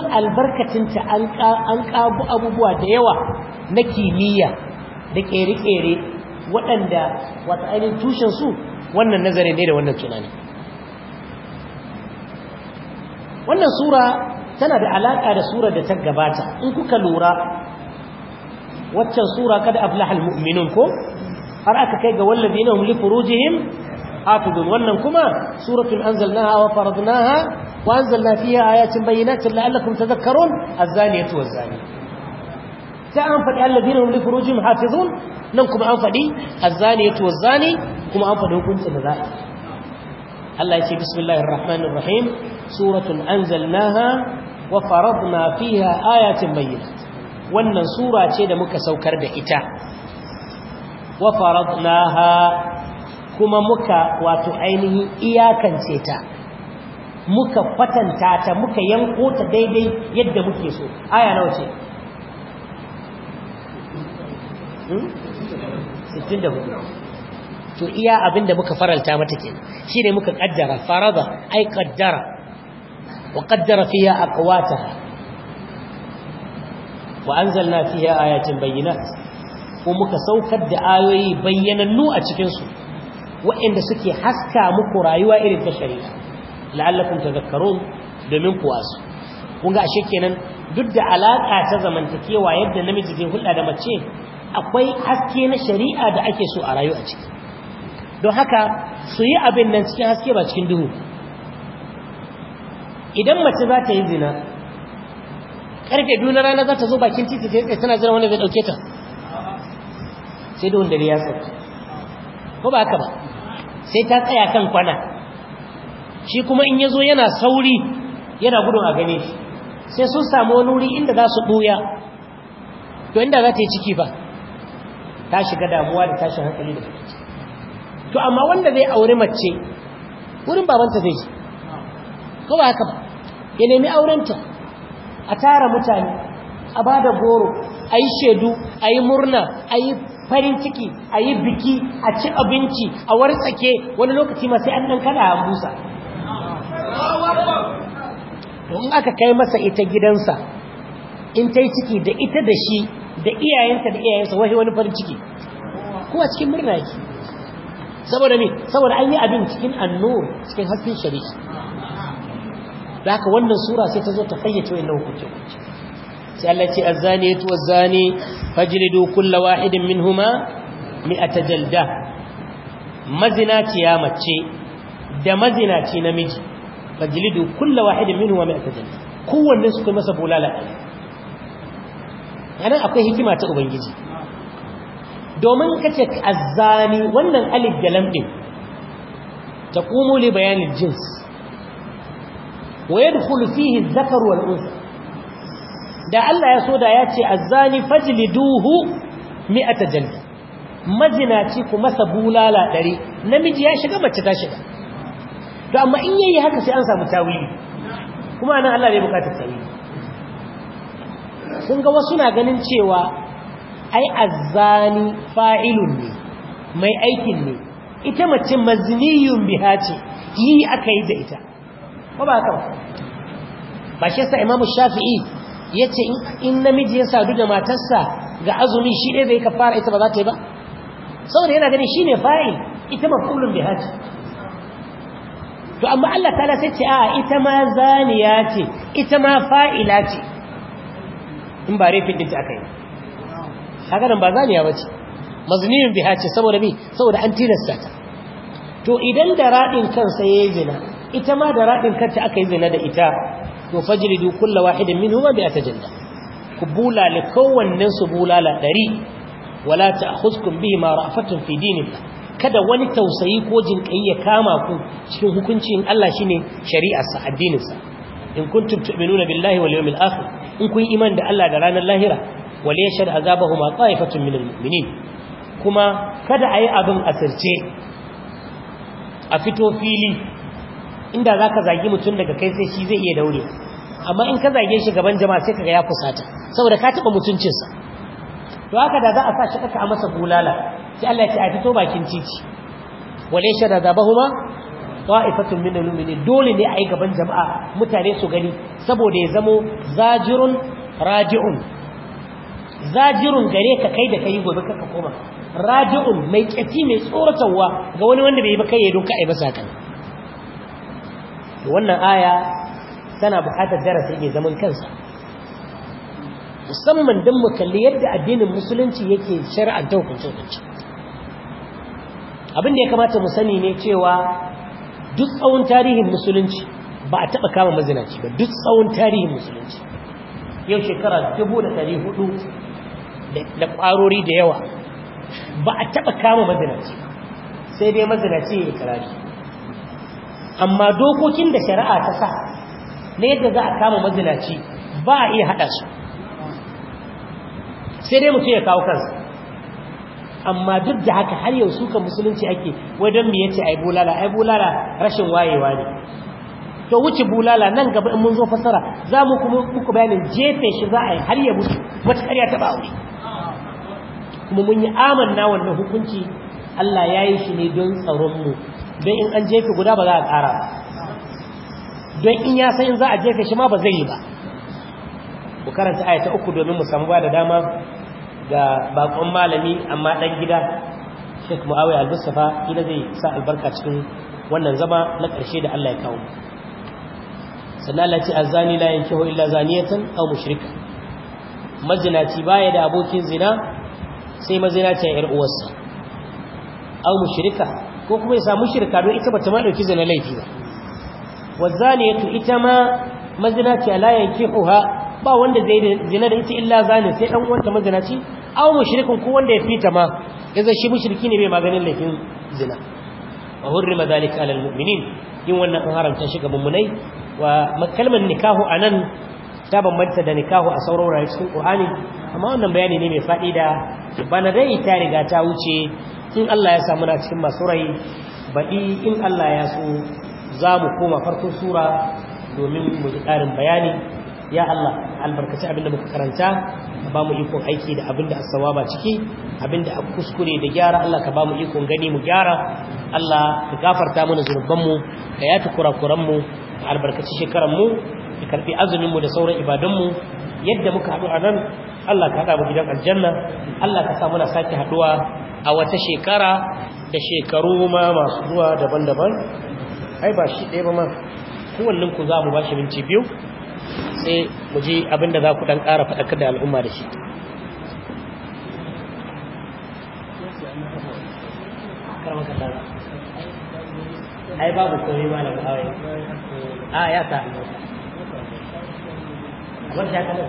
ta an kagu abubuwa da yawa na kimiyya da kere-kere waɗanda wata ainihin tushensu wannan nazari ne da wannan tunani wannan sura tana da alaƙa da surar da ta gabata in kuka lura waccan sura kada aflahal mu'minun ko har aka kai ga wallazina hum li furujihim hafizun wannan kuma suratul anzalnaha wa faradnaha wa anzalna fiha ayatin bayyinatin la'allakum tadhakkarun az-zaniyatu waz-zani ta an faɗi allazina hum li furujihim hafizun nan kuma an faɗi az-zaniyatu waz-zani kuma an faɗi hukuncin da za Allah ya ce bismillahir rahmanir rahim suratul anzalnaha wa faradna fiha ayatin bayyinat wannan sura ce da muka saukar da ita wa faradnaha kuma muka wato ainihin iyakance ta muka fatanta ta muka yanko ta daidai yadda muke so aya nawa ce 64 hmm? to iya abinda muka faralta mata kenan shine muka kaddara farada ai kaddara وقدر فيها أقواتها وأنزلنا فيها آيات بينات ومكسوكت دعاوي بينا النوء تكنسو وإن سكي حسكا مكراي وإن البشرية لعلكم تذكرون domin kuwasu kun ga ashe kenan duk da alaƙa ta zamantakewa yadda namiji ke hulɗa da mace akwai haske na shari'a da ake so a rayu a ciki don haka su yi abin nan cikin haske ba cikin duhu idan mace za ta yi zina karfe biyu na rana za ta zo bakin titi ta tana zina wanda zai dauke ta sai da wundari ya sauke ko ba haka ba sai ta tsaya kan kwana shi kuma in ya zo yana sauri yana gudun a gane shi sai sun samu wani wuri inda za su ɓuya to inda za ta yi ciki ba ta shiga damuwa da tashin hankali da to amma wanda zai aure mace wurin babanta zai yi ko ba haka ba ya nemi aurenta a tara mutane a ba da goro a yi shaidu a yi murna a yi farin ciki a yi biki a ci abinci a wartsake wani lokaci ma sai an ɗan kada a busa don aka kai masa ita gidansa in ta yi ciki da ita da shi da iyayenta da iyayensa wahi wani farin ciki kuma cikin murna yake saboda ne saboda an yi abin cikin annu cikin hasken shari'a da haka wannan sura sai ta zo ta fayyace wannan hukunci sai Allah ce azzaniyatu wazzani fajlidu kullu wahidin minhuma mi'ata jalda mazinaciya mace da mazinaci namiji fajlidu kullu wahidin minhuma mi'ata jalda kowanne su kai masa bulala anan akwai hikima ta ubangiji domin kace azzani wannan alif da lam din taqumu li bayanin jins wa yadkhulu fihi adh da Allah ya so da ya ce azzani fajliduhu mi'ata jalda mazinaci ku masa bulala dare namiji ya shiga mace ta shiga to amma in yayi haka sai an samu tawili kuma nan Allah ya bukata tawili kun ga wasu na ganin cewa ai azzani fa'ilun ne mai aikin ne ita mace mazniyun biha ce yi aka yi da ita ko ba haka ba shi yasa imamu shafi'i ya ce in namiji ya sadu da matarsa ga azumi shi ɗaya ka kafara ita ba za ta yi ba saboda yana gani shi ne fa'il ita mafulun bi haji to amma Allah ta sai ce a ita ma zaniya ce ita ma fa'ila ce in ba rafin dinta aka yi hakanan ba zaniya ba ce mazniyin biha haji saboda bi saboda an tilasta ta to idan da raɗin kansa ya yi ita ma da raɗin kanta aka yi zina da ita to fajridu kullu wahidin minhuma bi atajalla ku bulale kowannen su bulala ɗari wala ta'khuzkum bihi ma ra'afatun fi dinillah kada wani tausayi ko jinkai ya kama ku cikin hukuncin Allah shine addinin sa, in kuntum tu'minuna billahi wal yawmil akhir in kun iman da Allah da ranar lahira wal yashhad azabahuma ta'ifatun minal mu'minin kuma kada ayi abin asirce a fito fili inda za ka zagi mutum daga kai sai shi zai iya daure amma in ka zage shi gaban jama'a sai kaga ya kusata, saboda ka taɓa mutuncinsa to haka da za a sa shi aka masa bulala sai Allah ya ce a fito bakin titi wale shada da zabahuma ta'ifatun min al-mu'minin dole ne a yi gaban jama'a mutane su gani saboda ya zamo zajirun raji'un zajirun gare ka kai da kai gobe ka koma raji'un mai kyati mai tsoratarwa ga wani wanda bai yi ba kai ya don ka aibasa kan wannan aya tana buƙatar darasi ne zaman kansa musamman don mu kalli yadda addinin musulunci yake shari'ar ta hukunce hukunce abin da ya kamata mu sani ne cewa duk tsawon tarihin musulunci ba a taɓa kama mazinaci ba duk tsawon tarihin musulunci yau shekara dubu da ɗari hudu da ƙwarori da yawa ba a taɓa kama mazinaci sai dai mazinaci ya yi amma dokokin da shari'a ta sa na yadda za a kama mazinaci ba a iya haɗa su sai dai mutum ya kawo kansa amma duk da haka har yau suka musulunci ake wadon me yace ai bulala ai bulala rashin wayewa ne to wuce bulala nan gaba in mun zo fasara za mu kuma muku bayanin jefe shi za a yi har ya mutu wata ƙarya ta ba wuri kuma mun yi amanna wannan hukunci Allah ya yi shi ne don tsaron mu don in an jefe guda ba za a kara ba don in ya san in za a jefe shi ma ba zai yi ba ku karanta aya uku domin mu ba da dama ga bakon malami amma dan gida Sheikh mu'awai Al-Mustafa ila zai sa albarka cikin wannan zama na karshe da Allah ya kawo sannan Allah azani la yankihu illa zaniyatan aw mushrika mazinaci baya da abokin zina sai mazinaci ya yar uwarsa aw mushrika ko kuma ya samu shirka don ita ba ta maɗauki zina laifi ba wazaniyatu ita ma mazina ce mazinaci la yankihuha ba wanda zai zina da ita illa zane sai dan uwanta ce awon mashirikin ko wanda ya fita ma Ya zai shi mushriki ne bai maganin laifin zina wa hurrima zalika alal mu'minin yin wannan an haramta shi ga mummunai wa kalmar nikahu a nan ta bambanta da nikahu a sauran rayu cikin Qur'ani amma wannan bayani ne mai faɗi da bana dai ta riga ta wuce in Allah ya samu na cikin masu rai baɗi in Allah ya so za mu koma farkon sura domin mu ji ƙarin bayani ya Allah albarkaci abinda muka karanta ka ba mu ikon aiki da abinda a ba ciki abinda a kuskure da gyara Allah ka ba mu ikon gani mu gyara Allah ka gafarta mana zurbanmu ka yata kurakuranmu ka albarkaci shekaranmu ka karɓi azuminmu da sauran ibadanmu yadda muka haɗu a nan Allah ka haɗa mu gidan aljanna Allah ka sa muna sake haɗuwa a wata shekara da shekaru ma masu zuwa daban-daban ai ba shi ɗaya ba ma kowannen ku za mu ba shi minti biyu sai mu ji abin da za ku ɗan ƙara faɗakar da al'umma da shi ai babu ma na kawai a ya sa a wani shakalar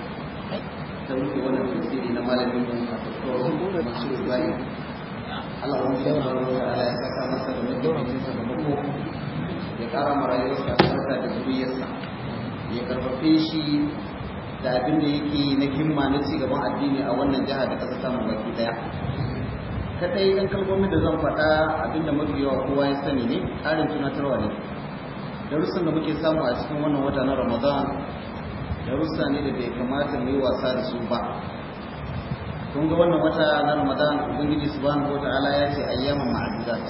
ta rufe wannan tafsiri na malamin mu a tafsirin masu ibrahim Allah ya yi. mana Allah ya saka masa da mutunci da mako ya kara mara rayuwarsa albarka da zuriyarsa ya karfafe shi da abin da yake na himma na cigaban addini a wannan jiha da ƙasa samun baki daya kadai ɗan kalmomin da zan faɗa abin da mafi yawa kowa ya sani ne ƙarin tunatarwa ne darussan da muke samu a cikin wannan wata na ramadan rusa ne da bai kamata mu yi wasa da su ba kun ga wannan wata na ramadan ubangiji subhanahu ala ya ce ayyaman ma'adudat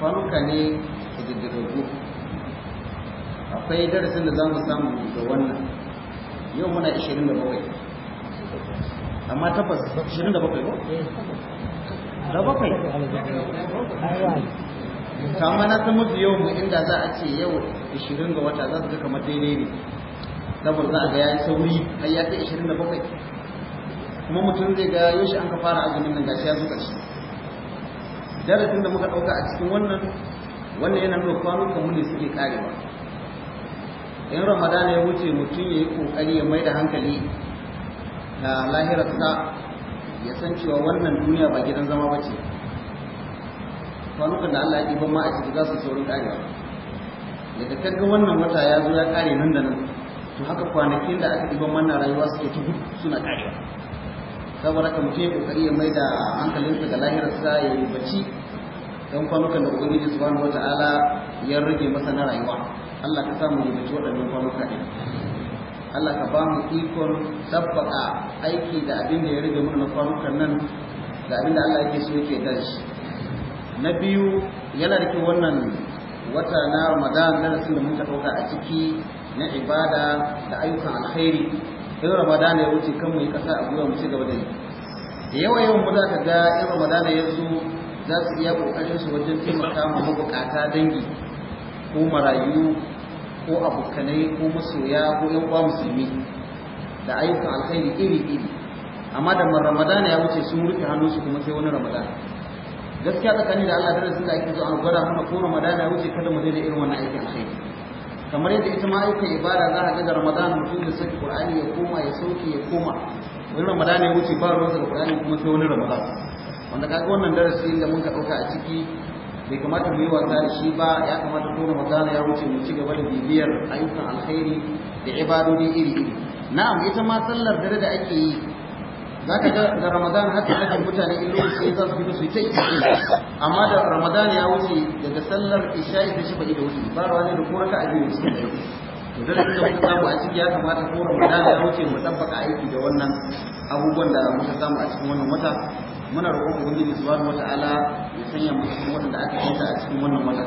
kwanuka ne kididdigaggu akwai darasin da za mu samu da wannan yau muna 27 amma tabbas 27 ko? da bakwai kama na san mutu yau mu inda za a ce yau 20 ga wata za su ga kamar daidai ne saboda za a ga yi sauri har ya kai bakwai, kuma mutum zai ga shi an ka fara azumin nan gashi ya zo ƙarshe darasin da muka ɗauka a cikin wannan wannan yana nuna kwanukan mu ne suke karewa in ramadana ya wuce mutum ya yi ƙoƙari ya mai da hankali na lahirarsa ya san cewa wannan duniya ba gidan zama ba ce kwanukan da Allah ya ɗiban ma a ciki za su saurin karewa daga kaga wannan wata ya zo ya kare nan da nan to haka kwanakin da aka ɗiban wannan rayuwa suke tuhu suna ƙarewa saboda ka mutum ya ƙoƙari ya mai da hankalinsa ga lahirarsa ya yi bacci don kwanukan da zuwa subhanahu ala ya rage masa na rayuwa Allah ka samu ya bacci waɗannan kwanuka ne Allah ka ba mu ikon tabbaka aiki da abin da ya rage mana na kwanukan nan da abin da Allah yake so yake da shi na biyu yana da wannan wata na Ramadan darasin da muka ɗauka a ciki na ibada da ayyukan alkhairi in ramadana ya wuce kan mai yi kasa a gwiwa mu ci gaba da yi da yawa yawan mu za ka ga in ramadana ya zo za su iya kokarin su wajen taimaka ma mabukata dangi ko marayu ko abokanai ko masoya ko yan uwa musulmi da ayyukan alkhairi iri iri amma da ramadana ya wuce sun rufe hannu su kuma sai wani ramadana gaskiya tsakanin da Allah darasin da ake zo an gwada hana ko ramadana ya wuce kada mu daina irin wannan aikin alkhairi kamar yadda ita ma aikin ibada za a ga da ramadan mutum da saki qur'ani ya koma ya sauke ya koma wani ramadan ya wuce ba ruwan da qur'ani kuma sai wani ramadan wanda kaga wannan darasi da mun ka dauka a ciki bai kamata mu yi wasa da shi ba ya kamata ko ramadan ya wuce mu ci gaba da bibiyar ayyukan alkhairi da ibadodi iri iri na'am ita ma sallar dare da ake yi za ka ga da ramadan haka ake mutane in sai za su fito su ta yi amma da ramadan ya wuce daga sallar isha'i ta shi ba'i da wuce farawa ne da ko raka a biyu suka yi to dole da muka samu a ciki ya kamata ko ramadan ya wuce mu tabbaka aiki da wannan abubuwan da muka samu a cikin wannan wata muna roƙon ubangiji subhanahu wata'ala ya sanya mu cikin da aka kanta a cikin wannan wata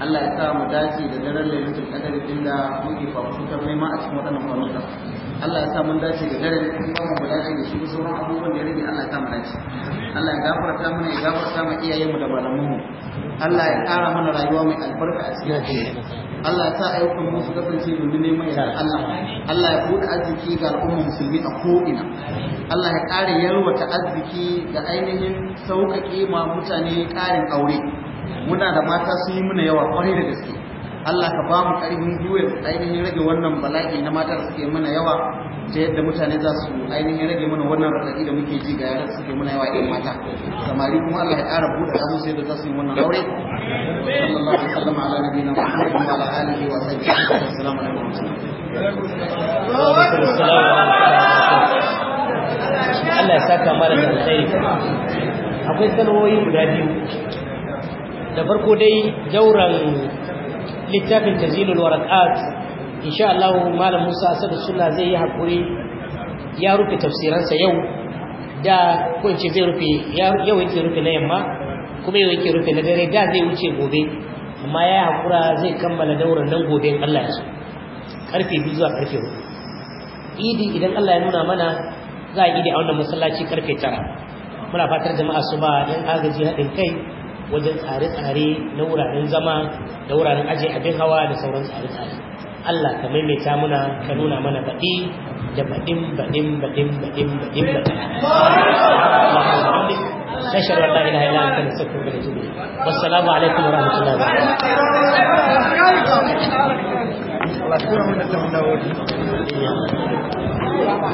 Allah ya sa mu dace da daren lailatul qadr din da muke fafutukar nema a cikin wannan wata. Allah ya sa dace da garin kuma mu dace da shi sauran abubuwan da ya rage Allah ya sa mu dace Allah ya gafarta mana ya gafarta mu iyayenmu da malamanmu Allah ya kara mana rayuwa mai albarka a cikin Allah ya sa ayyukan mu su kasance domin neman ya Allah Allah ya buɗe arziki ga al'umma musulmi a ko'ina Allah ya ƙara yalwata arziki da ainihin sauƙaƙe ma mutane ƙarin aure muna da mata sun yi mana yawa kwari da gaske Allah ka ba mu ƙarfin juya ainihin rage wannan bala'i na mata suke mana yawa ta yadda mutane za su ainihin rage mana wannan raɗaɗi da muke ji ga yara suke mana yawa ɗin mata samari kuma Allah ya ƙara buɗe ta musu da za su yi wannan aure sallallahu alaihi wasallam ala nabiyina Muhammad wa ala alihi wa sahbihi assalamu alaikum wa rahmatullahi Allah ya saka mara da alkhairi akwai salwoyi guda biyu da farko dai jauran littafin tazilul waraqat insha Allah malam Musa Asad Sunna zai yi hakuri ya rufe tafsiransa yau da ko ince zai rufe yau yake rufe na yamma kuma yau yake rufe na dare da zai wuce gobe amma ya hakura zai kammala daurar nan gobe Allah ya so karfe 2 zuwa karfe 4 idi idan Allah ya nuna mana za a idi a wannan masallaci karfe 9 muna fatar jama'a su ba yan agaji haɗin kai wajen tsare-tsare na wuraren zama da wuraren ajiye abin hawa da sauran tsare-tsare Allah ka maimaita muna ka nuna mana baɗi da baɗin baɗin baɗin baɗin baɗin baɗin نشهد ان لا اله الا انت نستغفرك ونتوب اليك والسلام عليكم ورحمه الله وبركاته